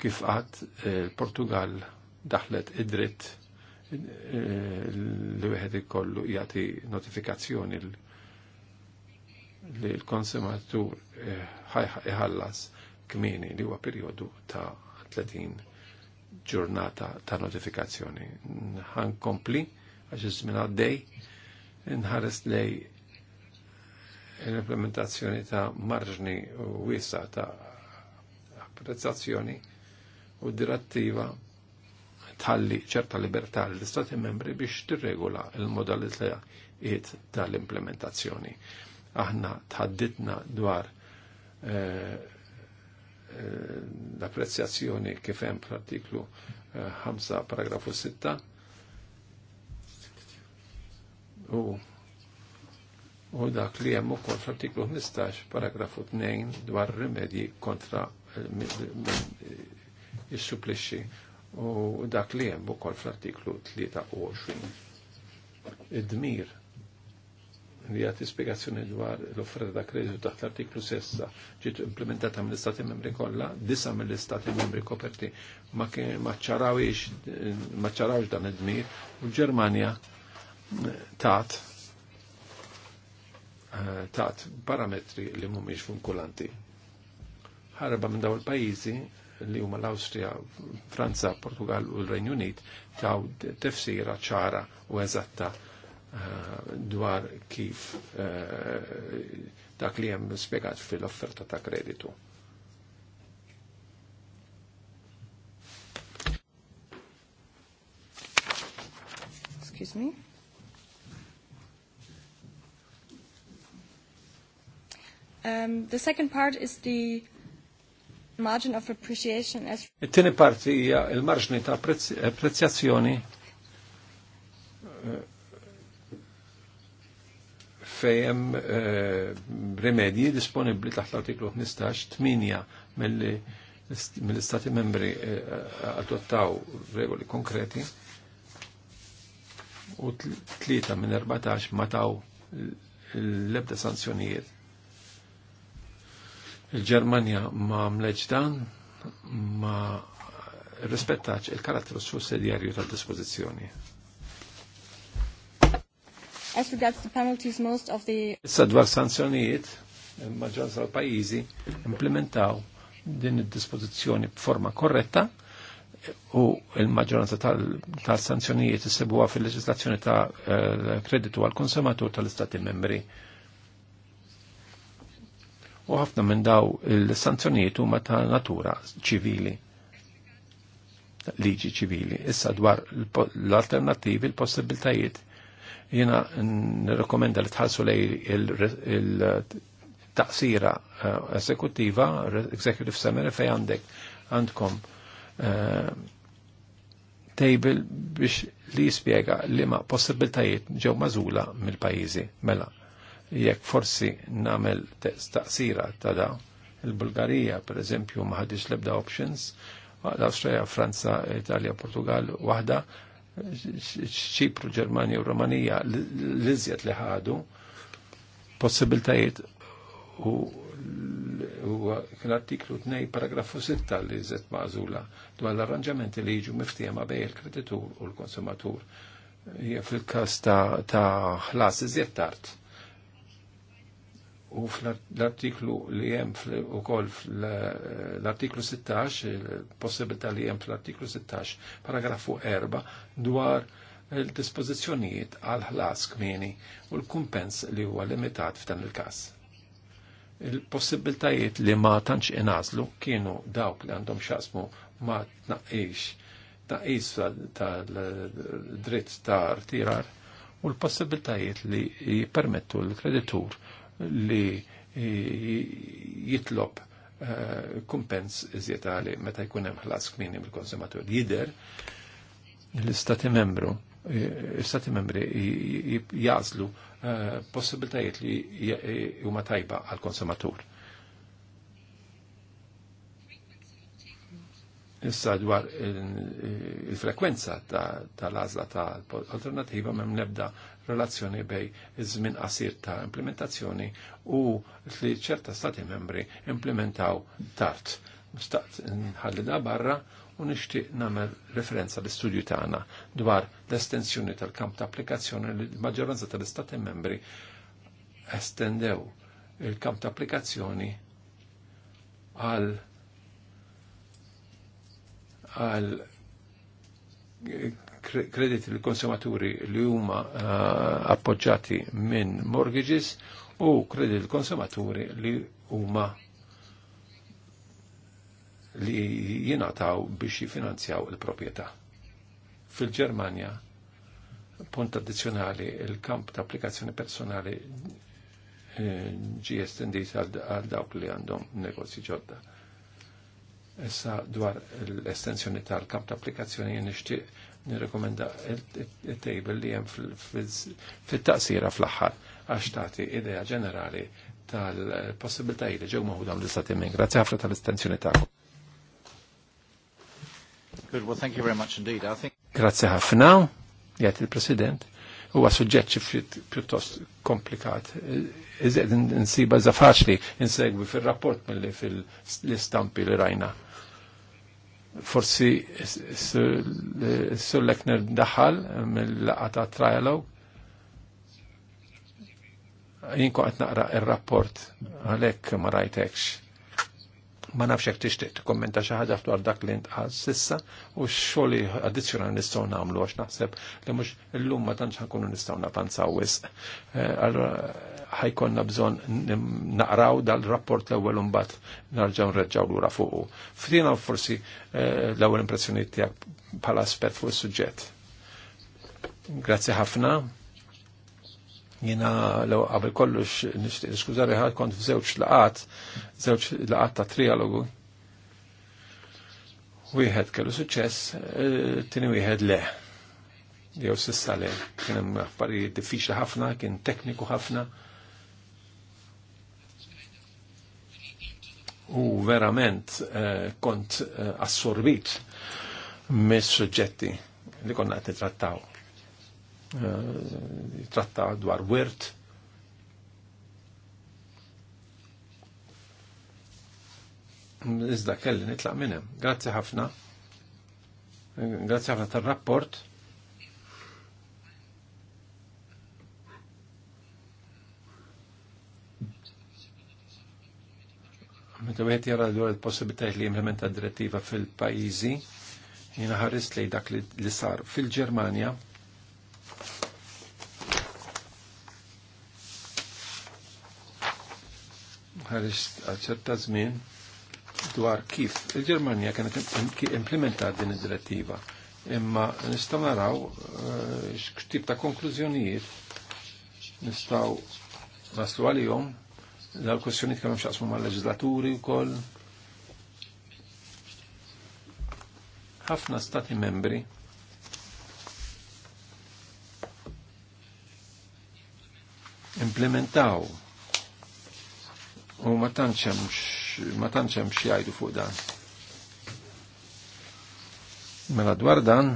kif għad il-Portugal eh, daħlet id-dritt eh, li wieħed ikollu jagħti notifikazzjoni li l-konsumatur eh, iħallas kmini li huwa perjodu ta' 30 ġurnata ta' notifikazzjoni. Nħan kompli, għax iż-żmien għaddej, nħares lej l-implementazzjoni ta' marġni u wisa ta' apprezzazzjoni u direttiva tħalli ċerta libertà l istati membri biex tirregula il modalità tal-implementazzjoni. Aħna tħadditna dwar eh, eh, l-apprezzjazzjoni kif hemm fl-artiklu 5 eh, paragrafu 6 u u dak li hemm ukoll fl-artiklu 15 paragrafu 2 dwar rimedji kontra is-supplixxi u dak li hemm ukoll fl-artiklu 23. Id-dmir li għat spiegazzjoni dwar l-offerta ta' kredit taħt l-artiklu sessa ġiet implementata mill-Istati membri kollha, disa mill-Istati membri koperti ma ċarawx dan id-dmir u l-Ġermanja eh, tat eh, tat parametri li mhumiex funkulanti. Ħarba minn dawn il-pajjiżi li huma l-Awstrija, Franza, Portugal u l-Renju Unit taw tefsira ċara u eżatta Eh, dwar kif eh, dak li jem spiegat fil-offerta ta' kreditu. Excuse me. Um, the second part is the margin of appreciation as It-tieni parti hija l-marġni ta' apprezzjazzjoni fejjem eh, rimedji disponibli taħt l-artiklu 15 8 mill-istati membri eh, adottaw regoli konkreti u tlieta minn 14 mataw l-ebda sanzjonijiet. Il-Ġermanja ma mleġ dan ma rispettax il-karattru sussedjarju tal-dispożizzjoni. As regards the penalties, most of the... Issa dwar sanzjonijiet, maġġoranza tal-pajjiżi implementaw din id-dispożizzjoni b'forma korretta u il-maġġoranza tal-sanzjonijiet issibuha fil-leġislazzjoni ta' eh, kreditu għal-konsumatur tal-Istati membri. U ħafna minn daw il-sanzjonijiet huma ta' natura ċivili liġi ċivili. Issa dwar l-alternativi, l-possibiltajiet Jena nirrekomenda li tħallsu lej il-taqsira esekutiva, eh, executive summary fej għandek għandkom eh, table biex li jispiega li ma possibiltajiet ġew mażula mill-pajizi. Mela, jekk forsi namel taqsira ta' da, il-Bulgarija per eżempju maħadix lebda options, l-Australia, Franza, Italja, Portugal, wahda, ċipru, Ġermanja u Romanija l-iżjed li ħadu possibiltajiet u kien artiklu t-nej paragrafu 6 li zet mażula dwar l-arranġamenti li jiġu miftiema bej il-kreditur u l-konsumatur fil-kas ta' ħlas iżjed tard u fl-artiklu li jem u kol fl-artiklu 16, il-possibilità li jem fl-artiklu 16, paragrafu 4, dwar il-dispozizjonijiet għal-ħlas kmini u l-kumpens li huwa limitat f'dan il-kas. il possibiltajiet li ma tantx inazlu kienu dawk li għandhom xasmu ma tnaqqix tnaqqis tal-dritt ta' tirar u l possibiltajiet li jipermettu l-kreditur li jitlob eh, kumpens iżjed għali meta jkun hemm ħlas kmini mill-konsumatur. Jider l-istati membru l-istati membri jazlu eh, possibiltajiet li huma tajba għal-konsumatur. Issa dwar il-frekwenza tal-azla tal-alternativa mem nebda relazzjoni bej iż-żmien qasir ta' implementazzjoni u li ċerta stati membri implementaw tard. nħalli da barra u nixtieq nagħmel referenza l-istudju tagħna dwar l-estensjoni tal-kamp ta' applikazzjoni li l-maġġoranza tal-istati membri estendew il-kamp ta' applikazzjoni għal għal krediti l-konsumaturi li huma eh, appoġġati minn mortgages u krediti l-konsumaturi li huma li jinataw biex jifinanzjaw il-propieta. Fil-Germania, punt addizjonali, il-kamp ta' applikazzjoni personali eh, ġi estendit għal dawk li għandhom negozji ġodda. Issa dwar l-estensjoni tal-kamp ta' applikazzjoni nixtieq nirrekomenda il-table li jem fil-taqsira fl-axħar għax tagħti idea ġenerali tal-possibilitajiet li ġew maħudam l istatim minn. Grazie ħafna tal-istenzjoni tagħkom. Good, well, thank you very much indeed. I think... Grazie ħafna, jgħat il-President. Huwa suġġett xifrit pjuttost komplikat. Iżed insiba zafaxli insegwi fil-rapport mill-li fil-istampi li rajna forsi sullek daħal mill-laqata trialog. Jinko għatnaqra naqra il-rapport għalek ma rajtekx ma nafx jekk tixtieq tikkommenta xi ħaġa dwar dak li ntqal sissa u xoli xogħol addizzjonali nistgħu nagħmlu għax naħseb li mhux illum ma tantx ħankunu nistgħu napanzaw wisq. Eh, Allura ħajkonna bżonn naqraw dal-rapport l-ewwel imbagħad narġgħu nreġgħu lura fuqu. Ftina forsi eh, l-ewwel impressjonijiet tiegħek bħala aspett fuq is-suġġett. Grazzi ħafna. Jina l għabel kollux nishtiq skużari ħad kont f'żewġ laqat, żewġ laqat ta' trialogu. Wieħed kellu suċċess, eh, tieni wieħed le. Jew sissa le, kien hemm affarijiet diffiċli ħafna, kien tekniku ħafna. u verament eh, kont eh, assorbit mis suġġetti li konna qed nitrattaw jitratta eh, dwar wirt. Iżda kelli nitlaq minn hemm. Grazzi ħafna. Grazzi ħafna tar-rapport. Meta wieħed jara dwar il-possibilitajiet li jimplementa d-direttiva fil-pajjiżi, jiena ħarist lejn dak li sar fil-Ġermanja, ħarġt għal ċerta żmien dwar kif il-Ġermanja kienet implementat din id-direttiva. Imma nistgħu naraw eh, x'tip ta' konklużjonijiet nistgħu naslu għalihom dal-kwestjonijiet kellhom x'aqsmu mal-leġislaturi wkoll. Ħafna stati membri implementaw U ma tantxemx ma tantxemx jgħidu fuq dan. Mela dwar dan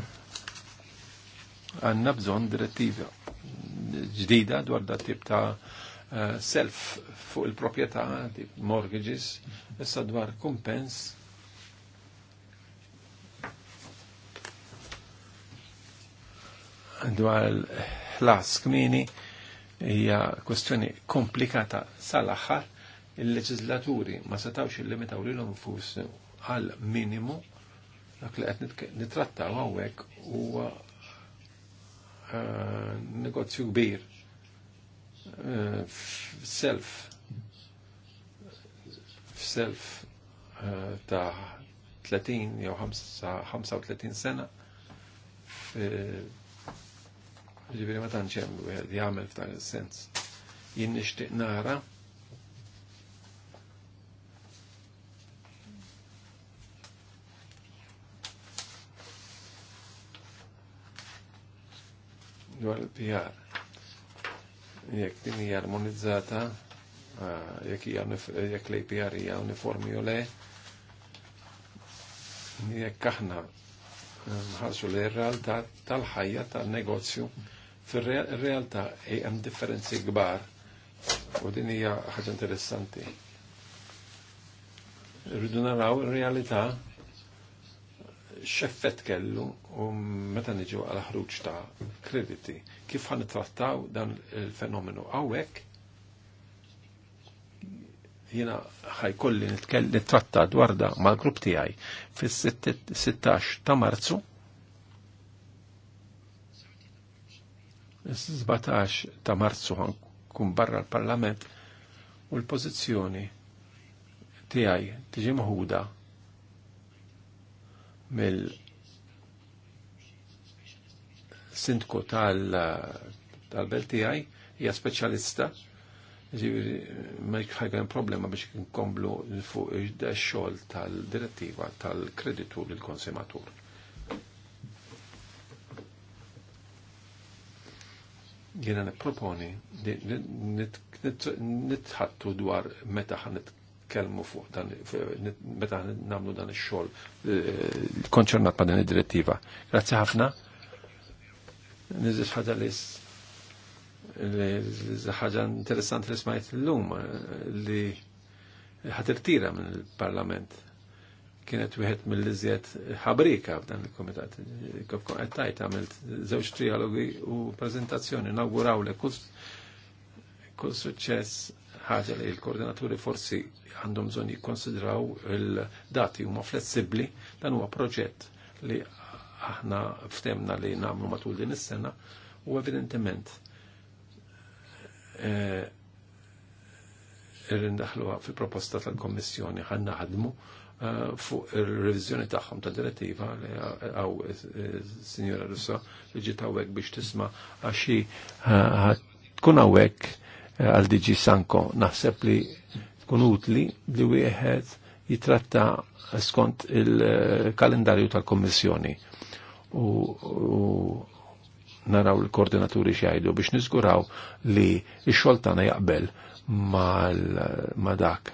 għanna bżonn direttiva ġdida dwar da tip ta' eh, self fuq il-propieta, tip mortgages, issa dwar kumpens. Dwar l-ħlas kmini hija kwestjoni komplikata sal-aħħar il-leġizlaturi ma setawx il-limitaw li l għal minimu dak li għet nitrattaw hawnhekk huwa eh, negozju kbir eh, self self eh, ta' 30 jew 35 sena ġibri ma tantx hemm jagħmel f'dan il sens Jien nixtieq nara dwar il-PR. Jek din hija armonizzata, jekk hija jekk l-APR hija uniformi u le, jekk aħna nħarsu li r-realtà tal-ħajja tal-negozju, fil-realtà hemm differenzi kbar u din hija ħaġa interessanti. Rridu naraw ir realità xeffett kellu u meta niġu għal ħruġ ta' krediti. Kif għan trattaw dan il-fenomenu għawek, jina ħajkolli nittratta dwar da mal-grupp għaj fis-16 ta' marzu 17 ta' marzu kun barra l-parlament u l-pozizjoni għaj tiġi maħuda mill sindku tal beltijaj hija specialista, ma jkħajgan problema biex nkomblu fuq xol tal-direttiva tal-kreditu l-konsumatur. Jena proponi nitħattu dwar meta ħanet kelmu fuq dan meta nagħmlu dan ix-xogħol eh, konċernat ma' din id-direttiva. Grazzi ħafna. Niżis ħaġa li ħaġa interessanti li smajt l-lum eh, li ħatirtira minn il-Parlament kienet wieħed mill-iżjed ħabrika f'dan il-komitat. Kif qed tajt għamilt żewġ trialogi u prezentazzjoni nawguraw li kull suċċess ħaġa li l-koordinaturi forsi għandhom bżonn jikkonsidraw il-dati huma flessibbli dan huwa proġett li aħna ftemna li nagħmlu matul din is-sena u evidentement eh, irrindaħluha fi proposta tal-Kommissjoni ħan naħdmu eh, fuq ir-reviżjoni tagħhom ta' direttiva li għaw eh, Sinjora Russa li ġiet hawnhekk biex tisma' għaxi tkun hawnhekk għal Diġi Sanko. Naħseb li tkun utli li wieħed jitratta skont il-kalendarju tal-Kommissjoni u, naraw il-koordinaturi xajdu biex nizguraw li x-xoltana jaqbel ma dak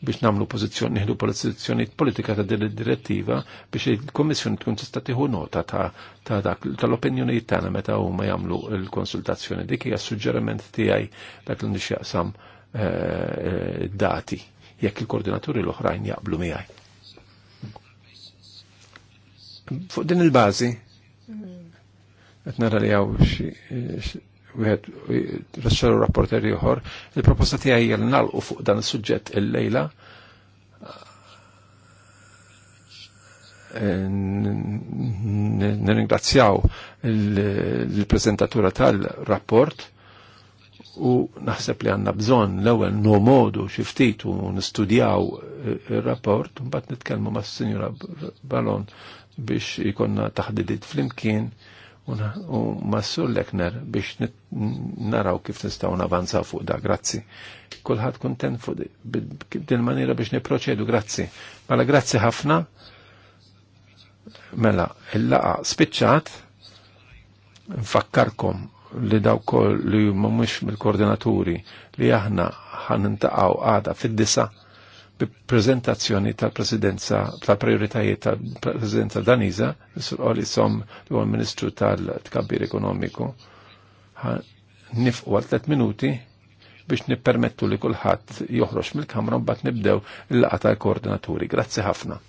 biex namlu pozizjoni, nieħdu pozizjoni politika ta' din direttiva biex il komissjoni tkun tista' tieħu nota ta' dak tal opinjoni tagħna meta huma jagħmlu l-konsultazzjoni. Dik hija suġġerament tiegħi dak li nixjaqsam eh, eh, dati jekk il-koordinaturi l-oħrajn jaqblu miegħi. Fuq din il-bażi mm. qed nara li hawn xi wieħed rasċaru rapporter ieħor, il-proposta tiegħi hija fuq dan is-suġġett illejla. Nirringrazzjaw il-prezentatura tal-rapport u naħseb li għanna bżon l-ewel nomodu xiftit u nistudjaw il-rapport, mbagħad nitkellmu mas-Sinjura Ballon biex ikonna taħdidiet flimkien u Massur Lekner biex naraw kif nistaw navanzaw fuq da, grazzi. Kulħadd kuntent fuq din maniera biex niproċedu, grazzi. Mela grazzi ħafna. Mela, il-laqa spiċċat, nfakkarkom li daw kol li mumiex mill-koordinaturi li aħna ħan intaqaw għada fid-disa' prezentazzjoni tal-presidenza, tal-prioritajiet tal-presidenza daniza, s-għol jisom l-ministru tal-tkabbir ekonomiku, nifqu għal 3 minuti biex nippermettu li kulħadd joħroġ mill-kamra mbagħad nibdew il-laqgħa tal-koordinaturi. Grazzi ħafna.